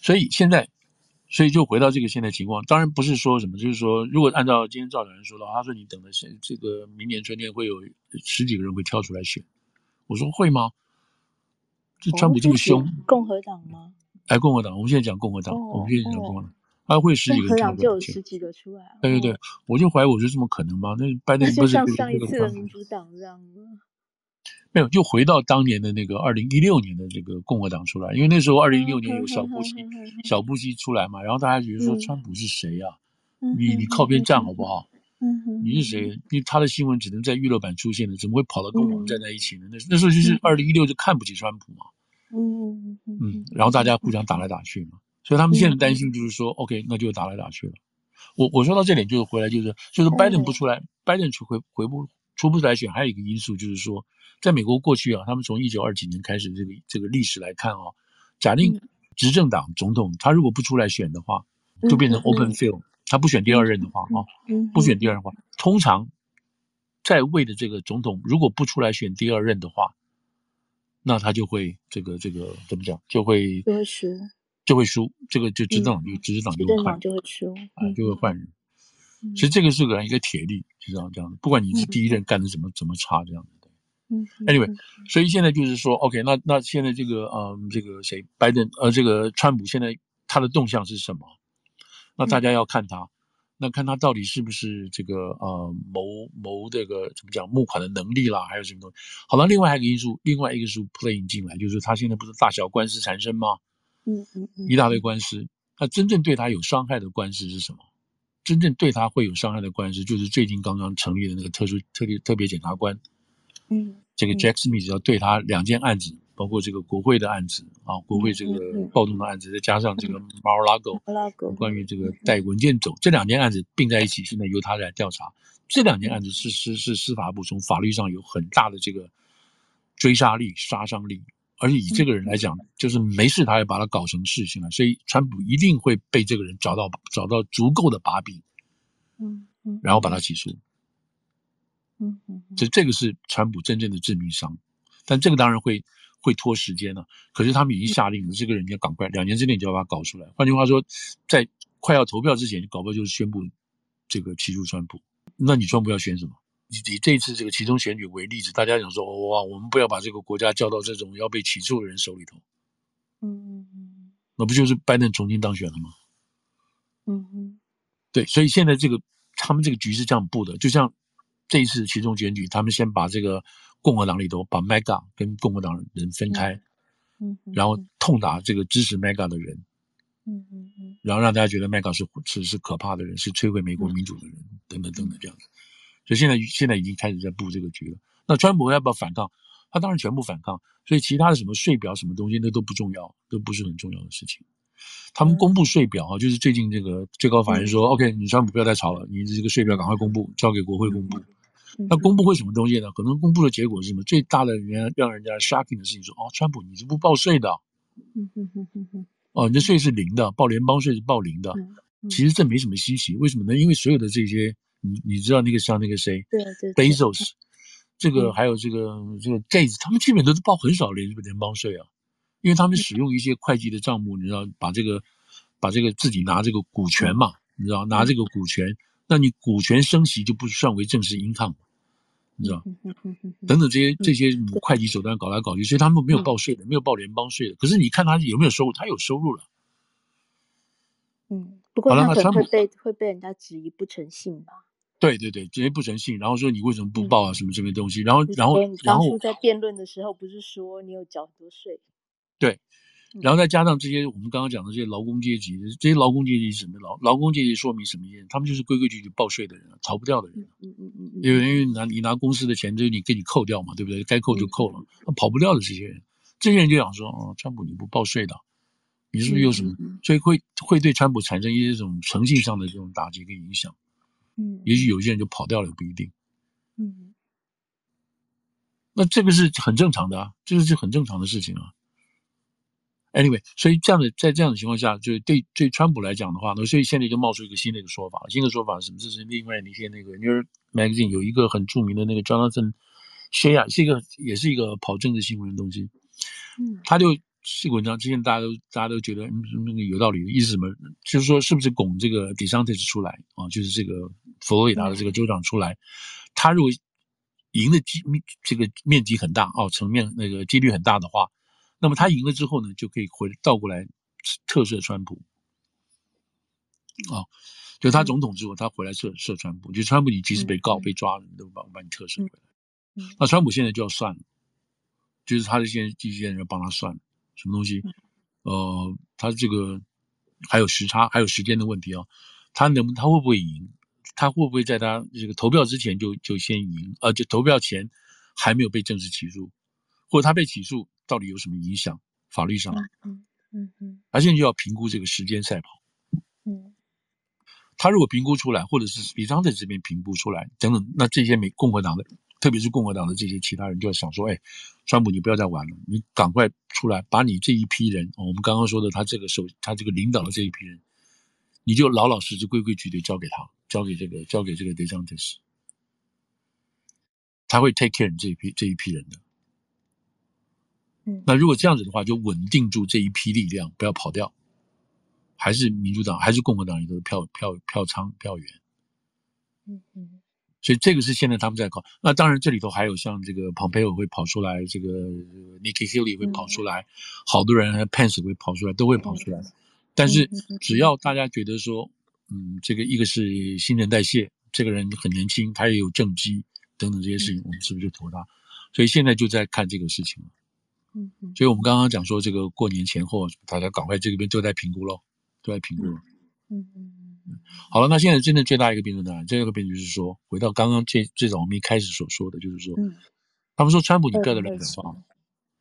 所以現在，所以就回到這個現在情況。當然不是說什麼，就是說，如果按照今天趙主任說的，他說你等的是這個明年春天會有十幾個人會跳出來選。我說會嗎？就川普這麼凶，共和黨嗎？哎，共和黨。我們現在講共和黨，哦、我們現在講共和黨，還、哦啊、會十幾個人出共和黨就有十幾個出來。嗯、對對對，我就懷疑，我就這麼可能嗎？那、哦、拜登不是就像上一次的民主黨這樣。沒有，就回到當年的那個二零一六年的這個共和黨出來，因為那時候二零一六年有小布希、嗯，小布希出來嘛，然後大家覺得說川普是誰呀、啊嗯？你你靠邊站好不好、嗯哼哼？你是誰？因為他的新聞只能在娛樂版出現的，怎麼會跑到跟我們站在一起呢？那那時候就是二零一六就看不起川普嘛。嗯哼哼哼嗯嗯然後大家互相打來打去嘛，所以他們現在擔心就是說、嗯、哼哼，OK，那就打來打去了。我我說到這裡就是回來就是就是拜登不出來，嗯、拜登去回回不。出不出來選還有一個因素，就是說，在美國過去啊，他們從一九二幾年開始這個這個歷史來看啊，假定執政黨總統、嗯、他如果不出來選的話，就變成 open field、嗯嗯。他不選第二任的話啊，嗯嗯嗯、不選第二任的話，通常在位的這個總統如果不出來選第二任的話，那他就會這個這個怎麼講，就會就會輸，會輸嗯、這個就執政黨就執、嗯、政黨就會換，就會輸，就會換人。其實這個是個人一個鐵律，就這樣這樣的。不管你是第一任幹的怎麼、嗯、怎麼差，這樣的。嗯，anyway，嗯所以現在就是說，OK，那那現在這個嗯這個誰，拜登呃這個川普現在他的動向是什麼？那大家要看他，嗯、那看他到底是不是這個呃謀謀這個怎麼講募款的能力啦，還有什麼東西。好了，另外還有一個因素，另外一個是 playing 進來，就是他現在不是大小官司纏身嗎？嗯嗯嗯，一大堆官司，那真正對他有傷害的官司是什麼？真正對他會有傷害的官司，就是最近剛剛成立的那個特殊特別特別檢察官，嗯，這個 Jack Smith 要對他兩件案子，包括這個國會的案子啊，國會這個暴動的案子，再加上這個 Mar-a-Lago、嗯嗯嗯、關於這個帶文件走、嗯嗯、這兩件案子並在一起，現在由他來調查。這兩件案子是是是司法部從法律上有很大的這個追殺力、殺傷力。而且以這個人來講，就是沒事他也把他搞成事情了，所以川普一定會被這個人找到找到足夠的把柄，嗯然後把他起訴，嗯嗯，這這個是川普真正的致命傷，但這個當然會會拖時間了啊。可是他們已經下令了，這個人要趕快兩年之內就要把他搞出來。換句話說，在快要投票之前，搞不好就是宣布這個起訴川普。那你川普要選什麼？以以這一次這個期中選舉為例子，大家想說、哦、哇，我們不要把這個國家交到這種要被起訴的人手裡頭。嗯嗯嗯，那不就是拜登重新當選了嗎？嗯嗯。對，所以現在這個他們這個局勢這樣布的，就像這一次期中選舉，他們先把這個共和黨裡頭把麥嘎跟共和黨人分開，嗯嗯，嗯，然後痛打這個支持麥嘎的人，嗯嗯嗯，然後讓大家覺得麥嘎是是是可怕的人，是摧毀美國民主的人，嗯、等等等等這樣子。所以現在現在已經開始在布這個局了。那川普要不要反抗？他當然全部反抗。所以其他的什麼稅表什麼東西，那都不重要，都不是很重要的事情。他們公布稅表啊，就是最近這個最高法院說、嗯、OK，你川普不要再吵了，你這個稅表趕快公布，嗯、交給國會公布、嗯。那公布會什麼東西呢、嗯？可能公布的結果是什麼？最大的人讓人家 shocking 的事情，說哦，川普你是不報稅的、嗯嗯嗯，哦，你的稅是零的，報聯邦稅是報零的、嗯嗯。其實這沒什麼稀奇，為什麼呢？因為所有的這些。你你知道那個像那個誰，對對，貝索斯，這個還有這個、嗯、這個蓋茨，他們基本都是報很少聯聯邦稅啊，因為他們使用一些會計的賬目，你知道把這個把這個自己拿這個股權嘛，嗯、你知道拿這個股權，那你股權升級就不算為正式 income 你知道、嗯嗯嗯嗯？等等這些這些會計手段搞來搞去，所以他們沒有報稅的、嗯，沒有報聯邦稅的。可是你看他有沒有收入？他有收入了。嗯，不過他可能會被會被人家質疑不誠信吧。嗯。對對對，這些不誠信，然後說你為什麼不報啊，嗯、什麼這些東西，然後、嗯、然後然後當時在辯論的時候不是說你有繳很多稅，對、嗯，然後再加上這些我們剛剛講的這些勞工階級，這些勞工階級什麼勞勞工階級說明什麼？他們就是規規矩矩報稅的人，逃不掉的人，嗯嗯嗯，嗯因為你拿你拿公司的錢就是你給你扣掉嘛，對不對？該扣就扣了，那、嗯啊、跑不掉的這些人，這些人就想說，哦川普你不報稅的，你是不是有什麼？所以會、嗯、會對川普產生一些這種誠信上的這種打擊跟影響。嗯，也許有些人就跑掉了，也不一定。嗯，那這個是很正常的啊，這個是很正常的事情啊。Anyway，所以這樣的在這樣的情況下，就是對對川普來講的話呢，所以現在就冒出一個新的一個說法，新的說法是什麼？這是另外一些那個《New York Magazine》有一個很著名的那個 Jonathan Chait，是一個也是一個跑政治新聞的東西，嗯，他就。這個文章之前大家都大家都覺得、嗯嗯、那個有道理，意思什麼？就是說，是不是拱這個迪桑特斯出來啊？就是這個佛羅里達的這個州長出來，他如果贏的機這個面積很大啊、哦，層面那個幾率很大的話，那麼他贏了之後呢，就可以回倒過來特赦川普哦，就他總統之後，他回來特赦、嗯、川普。就川普你即使被告、嗯、被抓了，你都把把你特赦回來、嗯。那川普現在就要算了，就是他這些這些人要幫他算了。什麼東西？呃，他這個還有時差，還有時間的問題啊、哦。他能，他會不會贏？他會不會在他這個投票之前就就先贏？呃，而且投票前還沒有被正式起訴，或者他被起訴到底有什麼影響？法律上，嗯嗯嗯。而且就要評估這個時間賽跑。嗯，他如果評估出來，或者是李方在這邊評估出來等等，那這些美共和黨的，特別是共和黨的這些其他人就要想說，哎。川普，你不要再玩了，你趕快出來，把你這一批人，哦、我們剛剛說的，他這個手，他這個領導的這一批人，你就老老實實、規規矩矩交給他，交給這個，交給這個 DeSantis，他會 take care 你這一批這一批人的。那如果這樣子的話，就穩定住這一批力量，不要跑掉，還是民主黨，還是共和黨，你都是票票票倉票源。嗯哼所以這個是現在他們在考。那當然這裡頭還有像這個 Pompeo 會跑出來，這個 Nikki Haley 會跑出來，嗯、好多人還 Pence 會跑出來，都會跑出來，嗯。但是只要大家覺得說，嗯，這個一個是新陳代謝，這個人很年輕，他也有政績等等這些事情，嗯、我們是不是就投他？所以現在就在看這個事情了。嗯嗯。所以我們剛剛講說，這個過年前後，大家趕快這邊都在評估咯，都在評估。嗯嗯。 好了，那現在真的最大一個辯論呢？第二個辯論就是說，回到剛剛最最早我們一開始所說的，就是說，嗯、他們說川普你幹得人很棒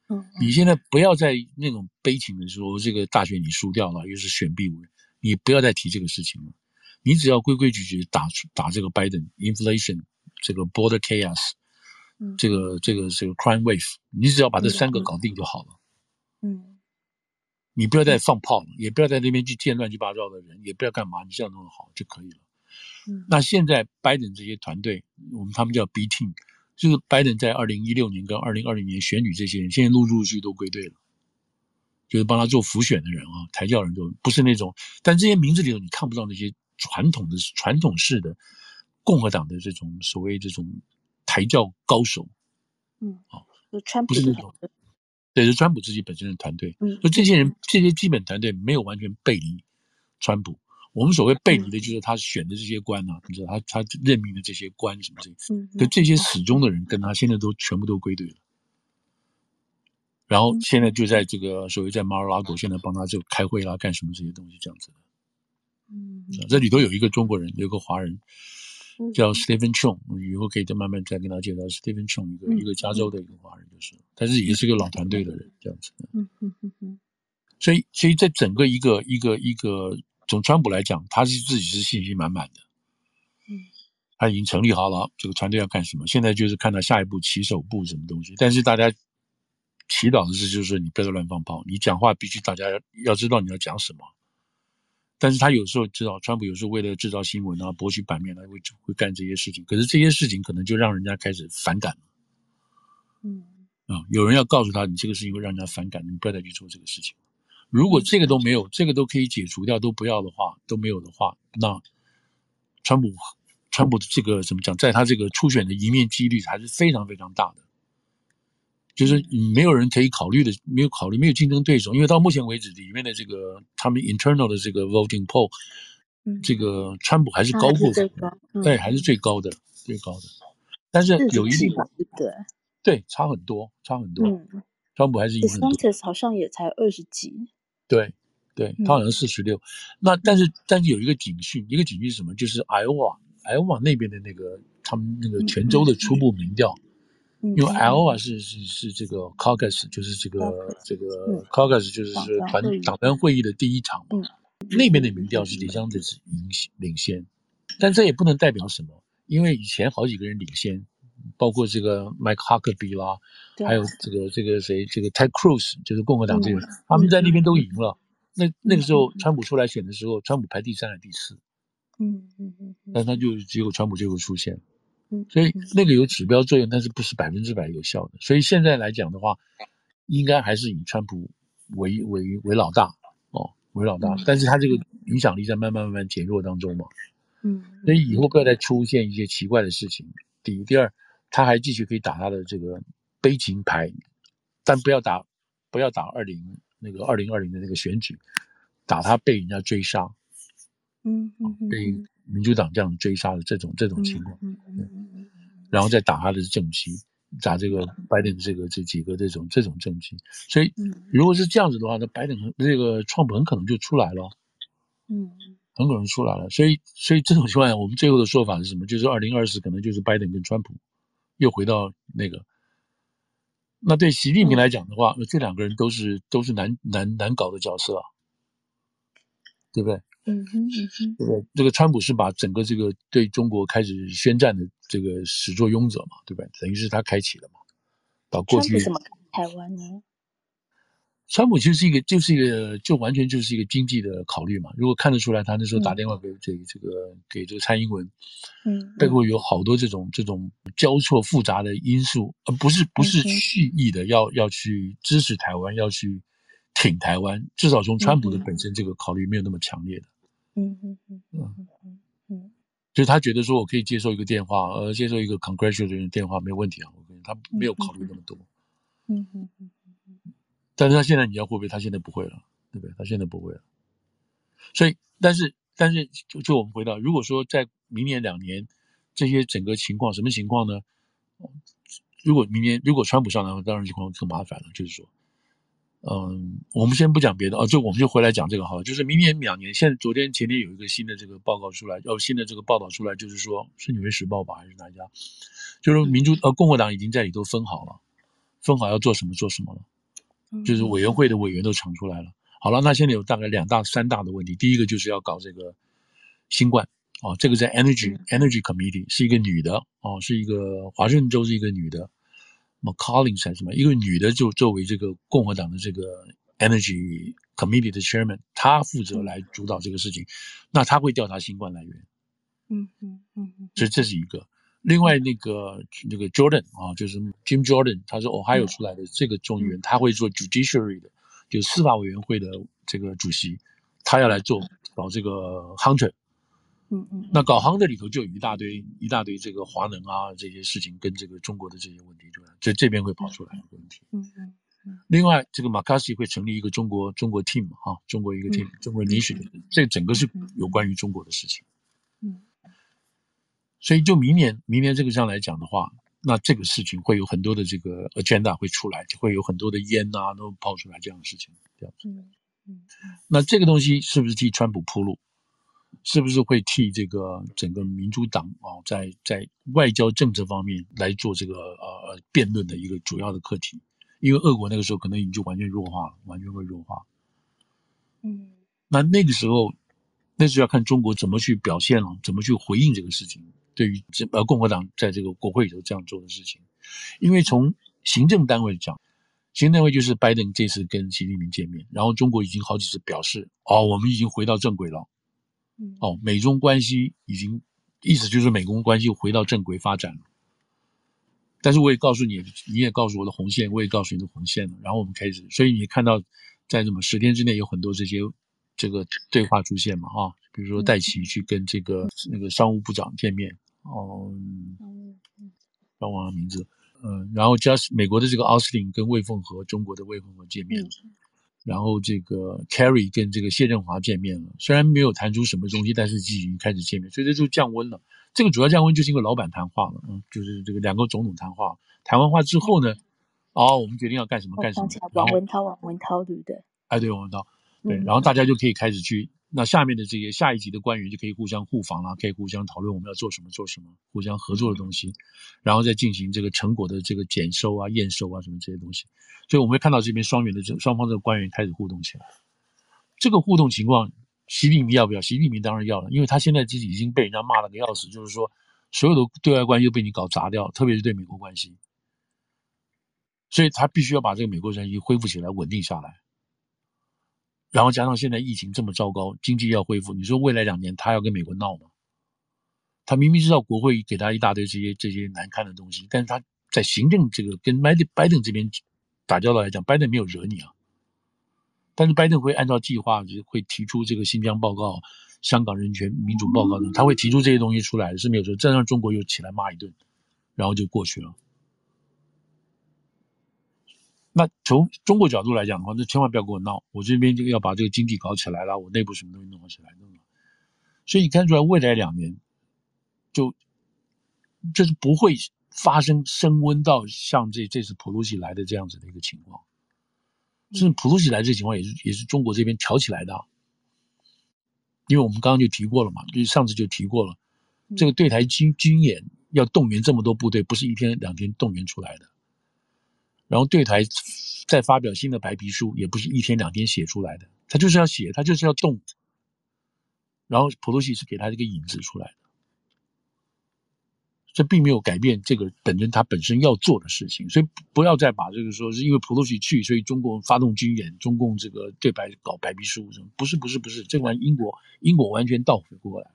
嗯，你現在不要再那種悲情的說,、嗯、說這個大選你輸掉了，又是選舉舞弊，你不要再提這個事情了，你只要規規矩矩打打這個拜登，inflation，這個 border chaos，這個、嗯、這個這個 crime wave，你只要把這三個搞定就好了，嗯。嗯嗯你不要再放炮了、嗯，也不要在那邊去見亂七八糟的人，也不要幹嘛，你這樣弄得好就可以了。嗯，那現在 Biden 這些團隊，我們他們叫 B Team，就是 Biden 在二零一六年跟二零二零年選舉這些人，現在陸陸續續都歸隊了，就是幫他做輔選的人啊，抬轎人都不是那種，但這些名字裡頭你看不到那些傳統的傳統式的共和黨的這種所謂這種抬轎高手。嗯，好、啊，的不是那對，是川普自己本身的團隊，嗯，所以這些人，這些基本團隊沒有完全背離川普。我們所謂背離的，就是他選的這些官啊，你知道，他他任命的這些官什麼這些，嗯，所以這些死忠的人跟他現在都全部都歸隊了。然後現在就在這個所謂在馬爾拉狗現在幫他就開會啦，幹什麼這些東西這樣子的。嗯，這裡頭有一個中國人，有一個華人。叫 Stephen Chong 以後可以再慢慢再跟他介紹 Stephen Chong 一個一個加州的一個華人就是，他自己也是個老團隊的人這樣子的。嗯哼哼哼所以所以，所以在整個一個一個一個從川普來講，他是自己是信心滿滿的。嗯，他已經成立好了，這個團隊要幹什麼，現在就是看他下一步起手步什麼東西。但是大家祈禱的事就是說你不要亂放炮，你講話必須大家要知道你要講什麼。但是他有時候知道，川普有時候為了制造新聞啊，博取版面來，他會會幹這些事情。可是這些事情可能就讓人家開始反感了。嗯，啊、嗯，有人要告訴他，你這個事情會讓人家反感，你不要再去做這個事情。如果這個都沒有，這個都可以解除掉，都不要的話，都沒有的話，那川普川普的這個怎麼講，在他這個初選的贏面幾率還是非常非常大的。就是沒有人可以考慮的，沒有考慮，沒有競爭對手。因為到目前為止，裡面的這個他們 internal 的這個 voting poll，、嗯、這個川普還是高過是、這個嗯，對，還是最高的，最高的。但是有一定，對，對，差很多，差很多。嗯、川普還是贏很多。DeSantis 好像也才二十幾，對，對他好像四十六。那但是、嗯、但是有一個警訊，一個警訊是什麼？就是 Iowa，Iowa Iowa 那邊的那個他們那個全州的初步民調。嗯嗯嗯因為 L 啊，是是是這個 Caucus，就是這個、嗯、這個 Caucus，就是黨、嗯、黨團會議的第一場嘛、嗯。那邊的民調是即將的是領先是的領先，但這也不能代表什麼，因為以前好幾個人領先，包括這個麥克哈克比啦、嗯，還有這個這個誰，這個 Ted Cruz 就是共和黨這邊、嗯，他們在那邊都贏了。嗯、那那個時候川普出來選的時候，嗯嗯、川普排第三還是第四？嗯嗯嗯。但他就只有川普最後出現。所以那個有指標作用，但是不是百分之百有效的。所以現在來講的話，應該還是以川普為為為老大哦，為老大。但是他這個影響力在慢慢慢慢減弱當中嘛。嗯。所以以後不要再出現一些奇怪的事情。第一，第二，他還繼續可以打他的這個悲情牌，但不要打，不要打二零那個二零二零的那個選舉，打他被人家追殺。嗯嗯嗯。被、嗯。民主黨這樣追殺的這種這種情況，然後再打他的政績，打這個拜登這個這幾個這種這種政績，所以如果是這樣子的話，那拜登這個川普很可能就出來了，嗯，很可能出來了。所以所以這種情況下，我們最後的說法是什麼？就是二零二四可能就是拜登跟川普又回到那個。那對習近平來講的話，那這兩個人都是都是難難難搞的角色啊，對不對？嗯哼，嗯哼，對，這個川普是把整個這個對中國開始宣戰的這個始作俑者嘛，對吧？等於是他開啟了嘛。把過去什麼台灣呢？川普就是一個，就是一個，就完全就是一個經濟的考慮嘛。如果看得出來，他那時候打電話給這、嗯、這個給這個蔡英文，嗯，背後有好多這種這種交錯複雜的因素，而、呃、不是不是蓄意的、嗯、要要去支持台灣，要去挺台灣。至少從川普的本身這個考慮，沒有那麼強烈的。嗯嗯嗯嗯嗯嗯，所以他覺得說我可以接受一個電話，呃，接受一個 congratulatory 電話沒有問題啊。我跟你說，他沒有考慮那麼多。嗯嗯嗯，但是他現在你要會不會？他現在不會了，對不對？他現在不會了。所以，但是，但是就，就我們回到，如果說在明年兩年，這些整個情況什麼情況呢？如果明年如果川普上台，當然情況更麻煩了，就是說。嗯，我們先不講別的啊，哦，就我們就回來講這個好了。就是明年兩年，現在昨天前天有一個新的這個報告出來，哦，新的這個報道出來，就是說是紐約時報吧，還是哪家？就是民主呃共和黨已經在裡頭分好了，分好要做什麼做什麼了。就是委員會的委員都搶出來了。嗯、好了，那現在有大概兩大三大的問題。第一個就是要搞這個新冠哦，這個在 Energy、嗯、Energy Committee 是一個女的哦，是一個華盛頓州是一個女的。McCollins 還是什麼？一個女的就作為這個共和黨的這個 Energy Committee 的 Chairman，她負責來主導這個事情，那她會調查新冠來源。嗯嗯嗯。所以這是一個。另外那個那個 Jordan 啊，就是 Jim Jordan，她是 Ohio 出來的這個眾議員，嗯、他會做 Judiciary 的，就是、司法委員會的這個主席，她要來做搞這個 Hunter。嗯嗯，那搞行的裡頭就有一大堆一大堆這個華能啊，這些事情跟這個中國的這些問題，就這這邊會跑出來的問題、嗯嗯嗯。另外，這個麥卡錫會成立一個中國中國 team 哈、啊，中國一個 team，、嗯、中國 initiative 這整個是有關於中國的事情。嗯。嗯所以，就明年明年這個上來講的話，那這個事情會有很多的這個 agenda 會出來，就會有很多的煙啊都拋出來這樣的事情。這樣子、嗯嗯。那這個東西是不是替川普鋪路？是不是會替這個整個民主黨啊，在在外交政策方面來做這個呃辯論的一個主要的課題？因為俄國那個時候可能已經就完全弱化了，完全會弱化。嗯，那那個時候，那是要看中國怎麼去表現了，怎麼去回應這個事情。對於這呃共和黨在這個國會裡頭這樣做的事情，因為從行政單位講，行政單位就是拜登這次跟習近平見面，然後中國已經好幾次表示，哦，我們已經回到正軌了。哦，美中關係已經，意思就是美中關係回到正軌發展了。但是我也告訴你，你也告訴我的紅線，我也告訴你的紅線了。然後我們開始，所以你看到在什麼十天之內有很多這些這個對話出現嘛？啊，比如說戴琪去跟這個、嗯、那個商務部長見面，哦、嗯，哦、嗯，忘了名字，嗯，然後 just 美國的這個奧斯汀跟魏鳳和中國的魏鳳和見面了。嗯然後這個 Kerry 跟這個謝振華見面了，雖然沒有談出什麼東西，但是就已經開始見面，所以這就降溫了。這個主要降溫就是因為老闆談話了，嗯，就是這個兩個總統談話，談完話之後呢，哦，我們決定要幹什麼幹什麼，王文濤，王文濤對不對？哎，對，王文濤，對，然後大家就可以開始去。那下面的這些下一級的官員就可以互相互訪了，啊，可以互相討論我們要做什麼做什麼，互相合作的東西，然後再進行這個成果的這個檢收啊，驗收啊什麼這些東西。所以我們會看到這邊雙元的這雙方的官員開始互動起來。這個互動情況，習近平要不要？習近平當然要了，因為他現在自己已經被人家罵了個要死，就是說所有的對外關係又被你搞砸掉，特別是對美國關係，所以他必須要把這個美國關係恢復起來、穩定下來。然後加上現在疫情這麼糟糕，經濟要恢復，你說未來兩年他要跟美國鬧嗎？他明明知道國會給他一大堆這些這些難看的東西，但是他在行政這個跟拜登這邊打交道來講，拜登沒有惹你啊。但是拜登會按照計劃就是會提出這個新疆報告、香港人權民主報告的，他會提出這些東西出來是沒有說再讓中國又起來罵一頓，然後就過去了。那從中國角度來講的話，那千萬不要跟我鬧，我這邊就要把這個經濟搞起來了，我內部什麼東西弄好起來。所以你看出來，未來兩年就就是不會發生升溫到像這這次裴洛西來的這樣子的一個情況。甚至裴洛西來這情況也是也是中國這邊挑起來的，因為我們剛剛就提過了嘛，就上次就提過了，這個對台軍軍演要動員這麼多部隊，不是一天兩天動員出來的。然後對台再發表新的白皮書，也不是一天兩天寫出來的，他就是要寫，他就是要動。然後裴洛西是給他這個引子出來的，這並沒有改變這個本身他本身要做的事情，所以不要再把這個說是因為裴洛西去，所以中國發動軍演，中共這個對台搞白皮書什麼？不是，不是，不是，這關英國英國完全倒回過來。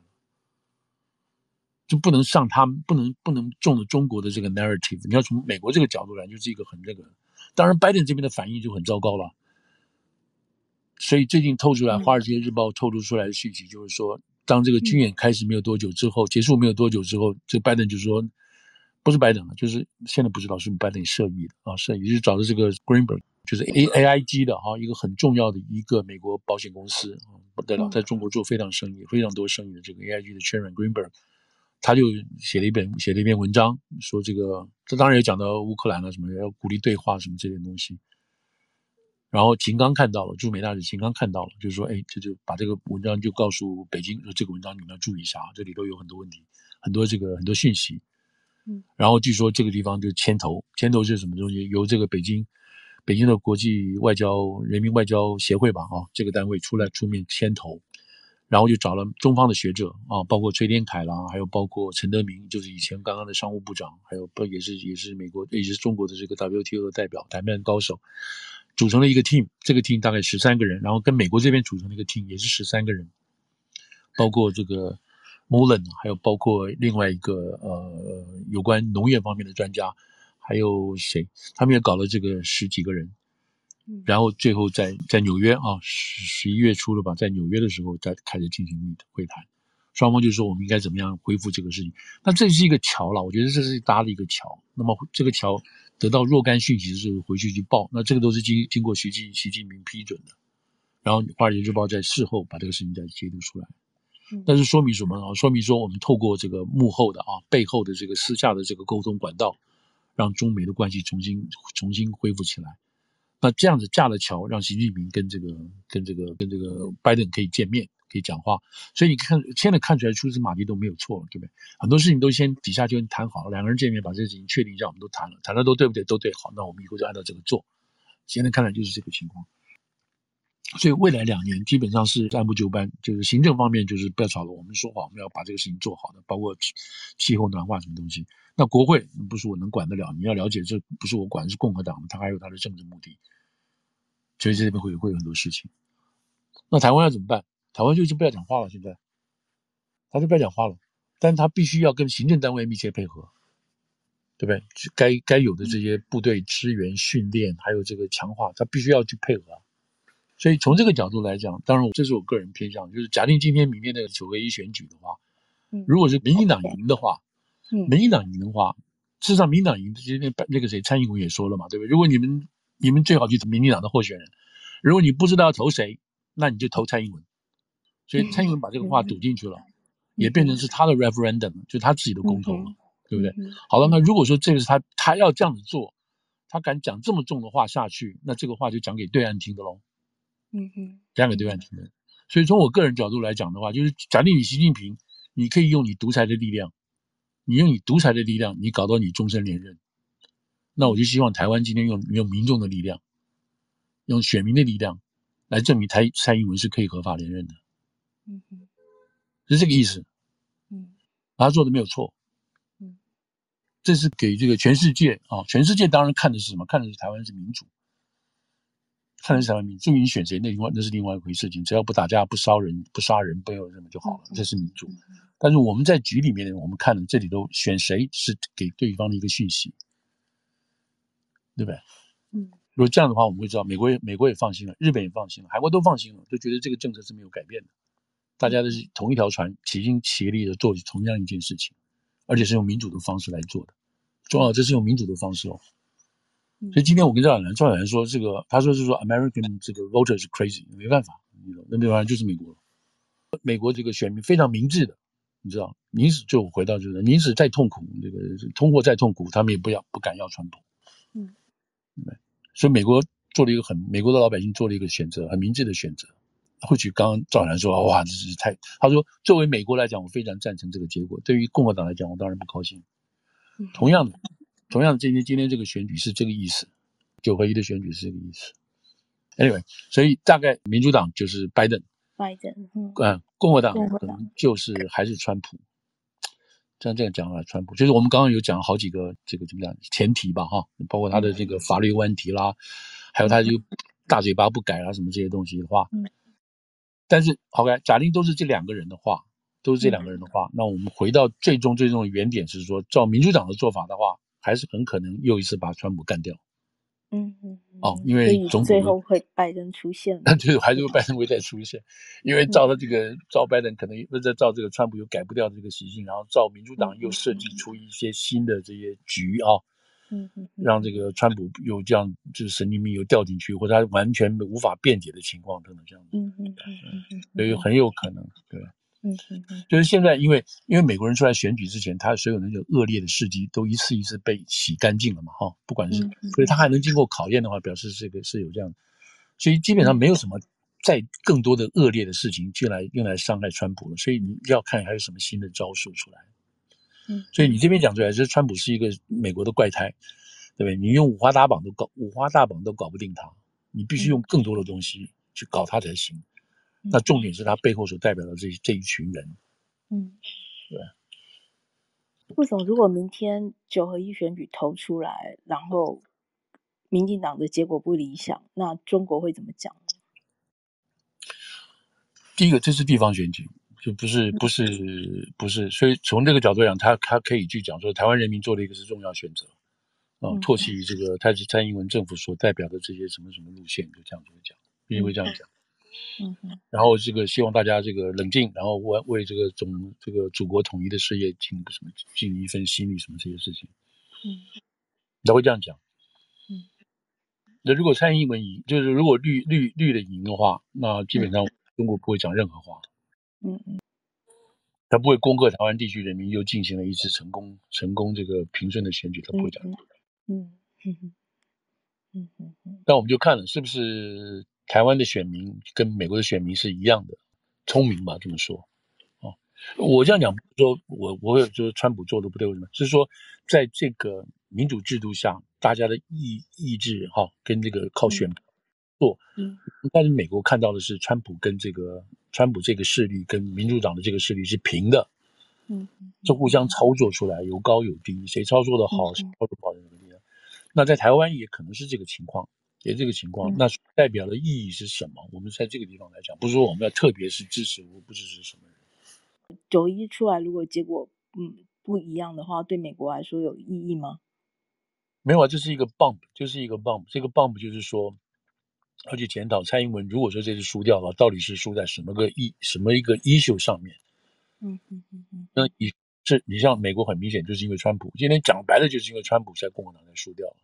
就不能上他們，不能不能中了中國的這個 narrative。你要從美國這個角度來，就是一個很那、這個。當然，拜登這邊的反應就很糟糕了。所以最近透出來，《華爾街日報》透露出來的信息就是說，當這個軍演開始沒有多久之後，嗯、結束沒有多久之後，這拜登就說，不是拜登了，就是現在不知道是拜登設計的啊，設計就是找了這個 Greenberg，就是 A A I G 的哈、啊，一個很重要的一個美國保險公司、嗯，不得了，在中國做非常生意、非常多生意的這個 A I G 的 Chairman Greenberg。他就寫了一本，寫了一篇文章，說這個這當然也講到烏克蘭了啊，什麼要鼓勵對話什麼這點東西。然後秦剛看到了，駐美大使秦剛看到了，就是說，哎，這就把這個文章就告訴北京，說這個文章你們要注意一下啊，這裡頭有很多問題，很多這個很多訊息。嗯，然後據說這個地方就牽頭，牽頭是什麼東西？由這個北京北京的國際外交人民外交協會吧，哈這個單位出來出面牽頭。然後就找了中方的學者啊，包括崔天凱啦，還有包括陳德銘，就是以前剛剛的商務部長，還有不也是也是美國也是中國的這個 WTO 的代表談判高手，組成了一個 team，這個 team 大概十三個人，然後跟美國這邊組成了一個 team，也是十三個人，包括這個 Mullen，還有包括另外一個呃有關農業方面的專家，還有誰，他們也搞了這個十幾個人。嗯、然後最後在在紐約啊，十一月初了吧，在紐約的時候再開始進行會談，雙方就說，我們應該怎麼樣恢復這個事情。那這是一個橋了，我覺得這是搭了一個橋。那麼這個橋得到若干訊息的時候，回去去報，那這個都是經經過習近習近平批准的。然後華爾街日報在事後把這個事情再解讀出來，嗯，但是說明什麼呢？說明說，我們透過這個幕後的啊背後的這個私下的這個溝通管道，讓中美的關係重新重新恢復起來。那這樣子架了橋，讓習近平跟這個、跟這個、跟這個拜登可以見面，可以講話。所以你看，現在看出來蛛絲馬跡都沒有錯了，對不對？很多事情都先底下就談好了，兩個人見面把這個事情確定一下，我們都談了，談的都對不對？都對，好，那我們以後就按照這個做。現在看來就是這個情況。所以未來兩年基本上是按部就班，就是行政方面就是不要吵了，我們說好我們要把這個事情做好的，包括氣候暖化什麼東西。那國會不是我能管得了，你要了解這不是我管，是共和黨，他還有他的政治目的，所以這邊會會有很多事情。那台灣要怎麼辦？台灣就就不要講話了，現在他就不要講話了，但他必須要跟行政單位密切配合，對不對？該該有的這些部隊支援、訓練，還有這個強化，他必須要去配合。所以從這個角度來講，當然我這是我個人偏向，就是假定今天、明天那個九合一選舉的話、嗯，如果是民進黨贏的話，的民進黨贏的話，至、嗯、少民進黨贏的，今天那個誰蔡英文也說了嘛，對不對？如果你們你們最好去投民進黨的候選人，如果你不知道要投誰，那你就投蔡英文。所以蔡英文把這個話堵進去了、嗯，也變成是他的 referendum，、嗯、就他自己的公投了、嗯，對不對？嗯嗯、好了，那如果說這個是他他要這樣子做，他敢講這麼重的話下去，那這個話就講給對岸、啊、聽的嘍。嗯哼，交 給對方承認。所以從我個人角度來講的話，就是假定你習近平，你可以用你獨裁的力量，你用你獨裁的力量，你搞到你終身連任。那我就希望台灣今天用用民眾的力量，用選民的力量，來證明台蔡英文是可以合法連任的。嗯哼， 是這個意思。嗯， 他做的沒有錯。嗯，這是給這個全世界啊、哦，全世界當然看的是什麼？看的是台灣是民主。看人選民，至於選誰，那另外，那是另外一回事情，只要不打架，不燒人，不殺人，不要什麼就好了。嗯，這是民主。但是我們在局裡面，我們看了這裡頭選誰是給對方的一個訊息，對不對？嗯。如果這樣的話，我們會知道美國也，美國也放心了，日本也放心了，韓國都放心了，都覺得這個政策是沒有改變的。大家都是同一條船，齊心協力的做同樣一件事情，而且是用民主的方式來做的。重要，這是用民主的方式哦。嗯、所以今天我跟趙曉南、趙曉南說，這個他說是說，American 這個 voter 是 crazy，沒辦法，那沒辦法，就是美國了。美國這個選民非常明智的，你知道，寧死就回到就是寧死再痛苦，這個通貨再痛苦，他們也不要不敢要川普。嗯對，所以美國做了一個很美國的老百姓做了一個選擇，很明智的選擇。或許剛剛趙曉南說，哇，這是太，他說作為美國來講，我非常贊成這個結果；對於共和黨來講，我當然不高興。嗯、同樣的。同樣的，今天今天這個選舉是這個意思，九合一的選舉是這個意思。Anyway，所以大概民主黨就是拜登，拜登，嗯，共和黨可能就是還是川普。這樣這樣講的話，川普就是我們剛剛有講好幾個這個怎麼樣前提吧，哈，包括他的這個法律問題啦，嗯、還有他就大嘴巴不改啊什麼這些東西的話。嗯。但是 OK，假定都是這兩個人的話，都是這兩個人的話、嗯，那我們回到最終最終的原點是說，照民主黨的做法的話。還是很可能又一次把川普幹掉，嗯嗯，哦，因為總統最後會拜登出現，那 就是還是會拜登會再出現，因為照他這個，嗯、照拜登可能那再照這個川普又改不掉這個習性，然後照民主黨又設計出一些新的這些局啊，嗯、哦、嗯、嗯，讓這個川普又這樣就是神經病又掉進去，或者他完全無法辯解的情況等等這樣子，嗯嗯嗯嗯，所以很有可能，對。嗯嗯 就是現在，因為因為美國人出來選舉之前，他所有那種惡劣的事蹟都一次一次被洗乾淨了嘛，哈，不管是，所以他還能經過考驗的話，表示這個是有這樣的，所以基本上沒有什麼再更多的惡劣的事情進來用來傷害川普了，所以你要看還有什麼新的招數出來，嗯，所以你這邊講出來，就是川普是一個美國的怪胎，對不對？你用五花大綁都搞五花大綁都搞不定他，你必須用更多的東西去搞他才行。那重點是他背後所代表的這這一群人，嗯，對。傅總，如果明天九合一選舉投出來，然後民進黨的結果不理想，那中國會怎麼講？第一個，這是地方選舉，就不是不是、嗯、不是，所以從這個角度講，他他可以去講說，台灣人民做了一個是重要選擇，啊、嗯，唾棄這個他是蔡英文政府所代表的這些什麼什麼路線，就這樣子會講，因為會這樣講。嗯嗯哼，然後這個希望大家這個冷靜，然後為為這個總，這個祖國統一的事業盡什麼盡一份心力什麼這些事情，嗯，他會這樣講，嗯，那如果蔡英文贏，就是如果綠綠綠的贏的話，那基本上中國不會講任何話，嗯嗯，他不會恭賀台灣地區人民又進行了一次成功成功這個平順的選舉，他不會講，嗯哼，嗯哼，那、嗯嗯、我們就看了是不是？台灣的選民跟美國的選民是一樣的，聰明吧？這麼說，哦，我這樣講，說我我就是川普做的不對，為什麼？是說在這個民主制度下，大家的意意志哈、哦，跟這個靠選做，嗯，但是美國看到的是川普跟這個川普這個勢力跟民主黨的這個勢力是平的，嗯，就互相操作出來有高有低，誰操作的好，誰、嗯、操作不好就怎麼樣，那在台灣也可能是這個情況。也這個情況，那代表的意義是什麼？嗯。我們在這個地方來講，不是說我們要特別是支持或不支持什麼人。九一出來，如果結果不不一樣的話，對美國來說有意義嗎？沒有啊，這是一個 bump，就是一個 bump。這個 bump 就是說，要去檢討蔡英文。如果說這次輸掉了，到底是輸在什麼個一什麼一個 issue 上面？嗯嗯嗯嗯。那你這你像美國很明顯就是因為川普，今天講白了就是因為川普在共和黨才輸掉了。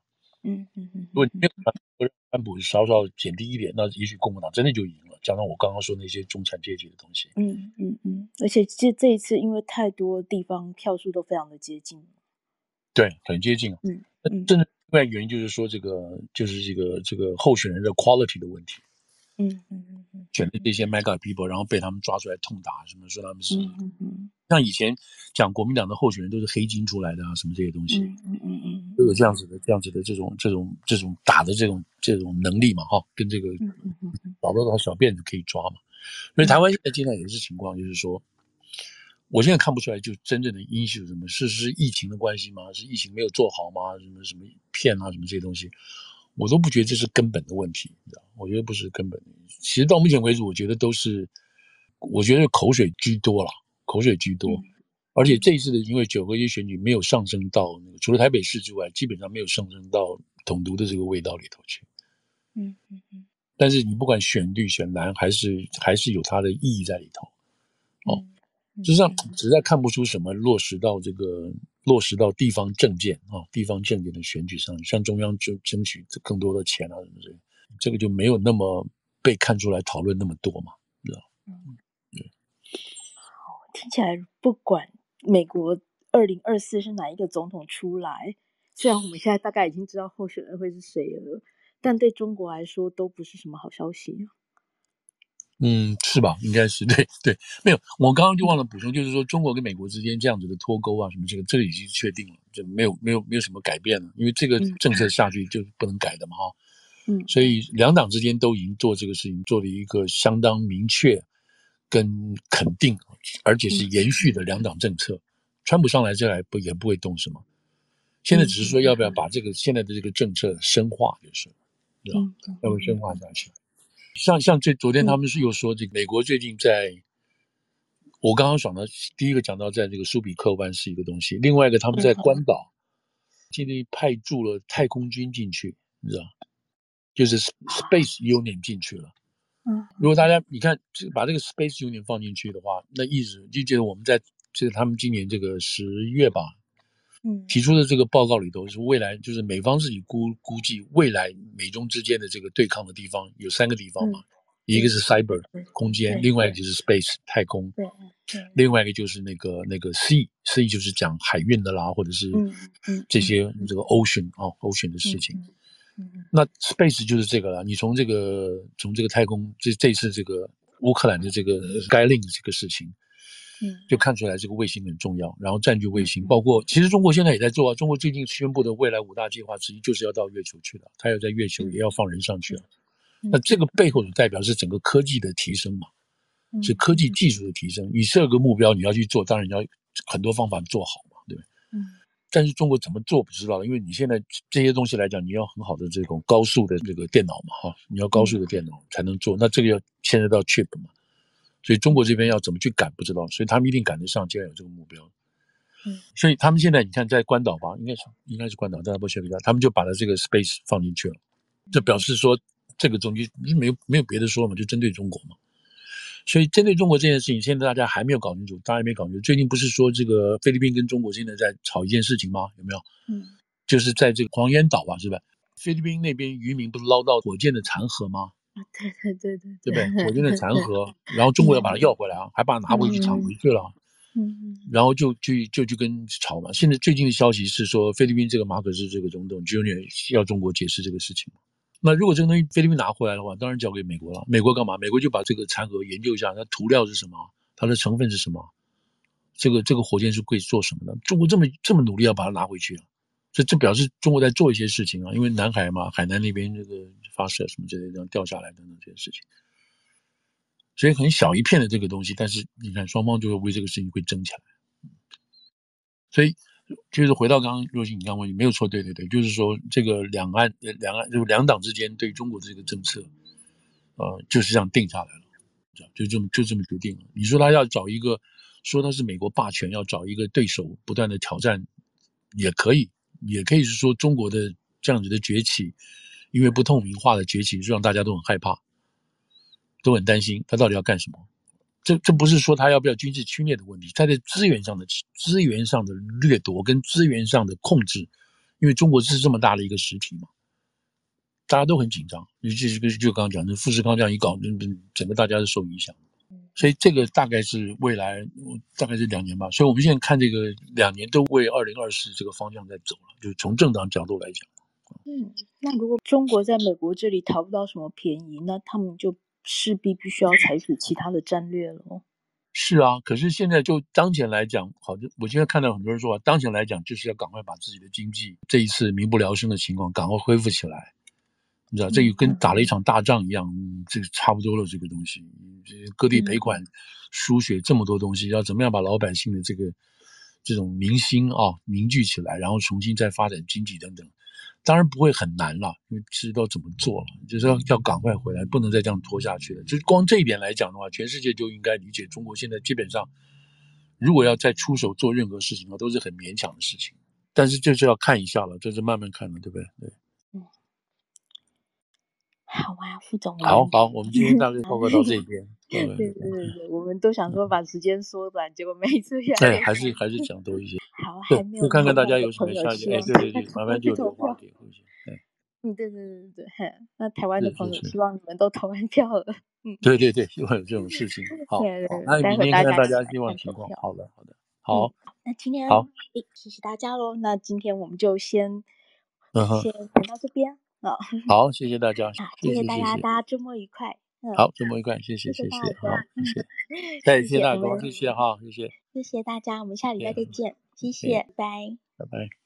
嗯嗯嗯，嗯，如果特朗普稍稍減低一點，那也許共和黨真的就贏了。加上我剛剛說那些中產階級的東西，嗯嗯嗯，而且這這一次因為太多地方票數都非常的接近，對，很接近。嗯，那、嗯、真的另外原因就是說，這個就是這個這個候選人的 quality 的問題。嗯嗯嗯,嗯選的這些 MAGA people，然後被他們抓出來痛打，什麼說他們是，嗯嗯,嗯，像以前講國民黨的候選人都是黑金出來的啊，什麼這些東西，嗯嗯嗯,嗯，都有這樣子的，這樣子的這種這種這種打的這種這種能力嘛，哈、哦，跟這個找不到小辮子可以抓嘛、嗯嗯，所以台灣現在現在也是情況，就是說、嗯，我現在看不出來就真正的英雄什麼，是是疫情的關係嗎？是疫情沒有做好嗎？什麼什麼騙啊，什麼這些東西。我都不覺得這是根本的問題，你知道嗎？我覺得不是根本的。其實到目前為止，我覺得都是我覺得口水居多了，口水居多、嗯。而且這一次的因為九合一選舉沒有上升到除了台北市之外，基本上沒有上升到統獨的這個味道裡頭去。嗯嗯嗯。但是你不管選綠選藍，還是還是有它的意義在裡頭。哦、嗯。就像實在看不出什麼落實到這個落實到地方政見啊、哦，地方政見的選舉上，向中央爭爭取更多的錢啊什麼之類，這個就沒有那麼被看出來討論那麼多嘛，知道嗎？嗯，對。聽起來不管美國二零二四是哪一個總統出來，雖然我們現在大概已經知道候選人會是誰了，但對中國來說都不是什麼好消息。嗯，是吧？應該是對對，沒有，我剛剛就忘了補充，就是說中國跟美國之間這樣子的脫鈎啊，什麼這個，這個已經確定了，就沒有沒有沒有什麼改變了，因為這個政策下去就是不能改的嘛，哈、嗯。所以兩黨之間都已經做這個事情，做了一個相當明確、跟肯定，而且是延續的兩黨政策。嗯、川普上來這來不也不會動什麼，現在只是說要不要把這個、嗯、現在的這個政策深化就是，對吧、嗯？要不要深化下去？像像這昨天他們是又說，這個、嗯，美國最近在，我剛剛想到第一個講到，在這個蘇比克灣是一個東西，另外一個他們在關島、嗯，今天派駐了太空軍進去，你知道，就是 Space Force 進去了。嗯，如果大家你看這把這個 Space Force 放進去的話，那一直就覺得我們在就是他們今年這個十月吧。嗯，提出的這個報告裡頭是未來，就是美方自己估估計未來美中之間的這個對抗的地方有三個地方嘛，嗯、一個是 cyber 空間，另外一個就是 space 太空，另外一個就是那個那個 sea 個就，那個那個、sea 就是講海運的啦，或者是這些、嗯嗯嗯、這個 ocean 啊、哦、ocean 的事情、嗯嗯嗯。那 space 就是這個了，你從這個從這個太空這這次這個烏克蘭的這個該令、嗯、這個事情。嗯，就看出來這個衛星很重要，然後佔據衛星，嗯、包括其實中國現在也在做啊。中國最近宣布的未來五大計劃之一，就是要到月球去了，它要在月球也要放人上去了、嗯。那這個背後就代表是整個科技的提升嘛，嗯、是科技技術的提升。你、嗯、設個目標，你要去做，當然你要很多方法做好嘛，對嗯，但是中國怎麼做不知道，因為你現在這些東西來講，你要很好的這種高速的這個電腦嘛，哈、嗯，你要高速的電腦才能做。嗯、那這個要牽涉到 chip 嘛。所以中國這邊要怎麼去趕不知道，所以他們一定趕得上，既然有這個目標。嗯，所以他們現在你看，在關島吧，應該是應該是關島，大，大家不曉得嗎？他們就把他這個 space 放進去了，就表示說這個東西沒有沒有別的說嘛，就針對中國嘛。所以針對中國這件事情，現在大家還沒有搞清楚，大家還沒搞清楚。最近不是說這個菲律賓跟中國現在在吵一件事情嗎？有沒有？嗯，就是在這個黃岩島吧，是吧？菲律賓那邊漁民不是撈到火箭的殘骸嗎？對對對對，對對，對？火箭的殘核， 然後中國要把它要回來啊、嗯，還把它拿回去搶回去了，嗯、然後就就就就跟吵嘛。現在最近的消息是說，菲律賓這個馬可斯這個總統就有 n 要中國解釋這個事情。那如果這個東西菲律賓拿回來的話，當然交給美國了。美國幹嘛？美國就把這個殘核研究一下，它塗料是什麼，它的成分是什麼，這個這個火箭是會做什麼的？中國這麼這麼努力要把它拿回去了。這這表示中國在做一些事情啊，因為南海嘛，海南那邊這個發射什麼之類這樣掉下來的那些事情，所以很小一片的這個東西，但是你看雙方就會為這個事情會爭起來。所以就是回到剛剛若星你剛問，沒有錯，對對對，就是說這個兩岸兩岸就是兩黨之間對中國的這個政策，呃，就是這樣定下來了，就這麼就這麼決定了。你說他要找一個說他是美國霸權，要找一個對手不斷的挑戰，也可以。也可以是說中國的這樣子的崛起，因為不透明化的崛起，就讓大家都很害怕，都很擔心他到底要幹什麼。這這不是說他要不要軍事侵略的問題，他在資源上的資源上的掠奪跟資源上的控制，因為中國是這麼大的一個實體嘛，大家都很緊張。尤其是就剛剛講的富士康這樣一搞，整個大家是受影響。所以這個大概是未來大概是兩年吧，所以我們現在看這個兩年都為二零二四這個方向在走了，就是從政黨角度來講。嗯，那如果中國在美國這裡討不到什麼便宜，那他們就勢必必須要採取其他的戰略了。是啊，可是現在就當前來講，好像我現在看到很多人說啊，當前來講就是要趕快把自己的經濟這一次民不聊生的情況趕快恢復起來。你知道這個跟打了一場大仗一樣，這、嗯、個、嗯、差不多了。這個東西，割地賠款、嗯、輸血這麼多東西，要怎麼樣把老百姓的這個這種民心啊凝聚起來，然後重新再發展經濟等等，當然不會很難了，因為知道怎麼做了，就是要，要趕快回來，不能再這樣拖下去了。嗯、就是光這一點來講的話，全世界就應該理解，中國現在基本上，如果要再出手做任何事情的話，都是很勉強的事情。但是就是要看一下了，就是慢慢看了，對不對？對。好啊，副總。好好，我們今天大概報告到這邊。 對，對對對，我們都想說把時間縮短，結果沒這樣。對，還是還是講多一些。 好，還沒有。看看大家有什麼消息？哎，對對對，麻煩就投票。嗯，對對對對對， 對對對對 那台灣的朋友希望你們都投完票了。嗯， 對對對，希望有這種事情。好，那明天大家希望情況。好的，好的，好、嗯。那今天好，謝謝大家嘍。那今天我們就先嗯。Uh -huh. 先回到這邊。Oh, 好，謝謝大家， 謝謝大家謝謝，大家周末愉快。好、嗯，周末愉快，謝謝，謝謝，謝，謝，好，謝謝，謝謝大家，謝謝哈，謝謝， 謝，謝， 謝，謝， 謝謝大家，我們下禮拜再見，yeah. 謝謝，yeah. 拜拜，拜拜。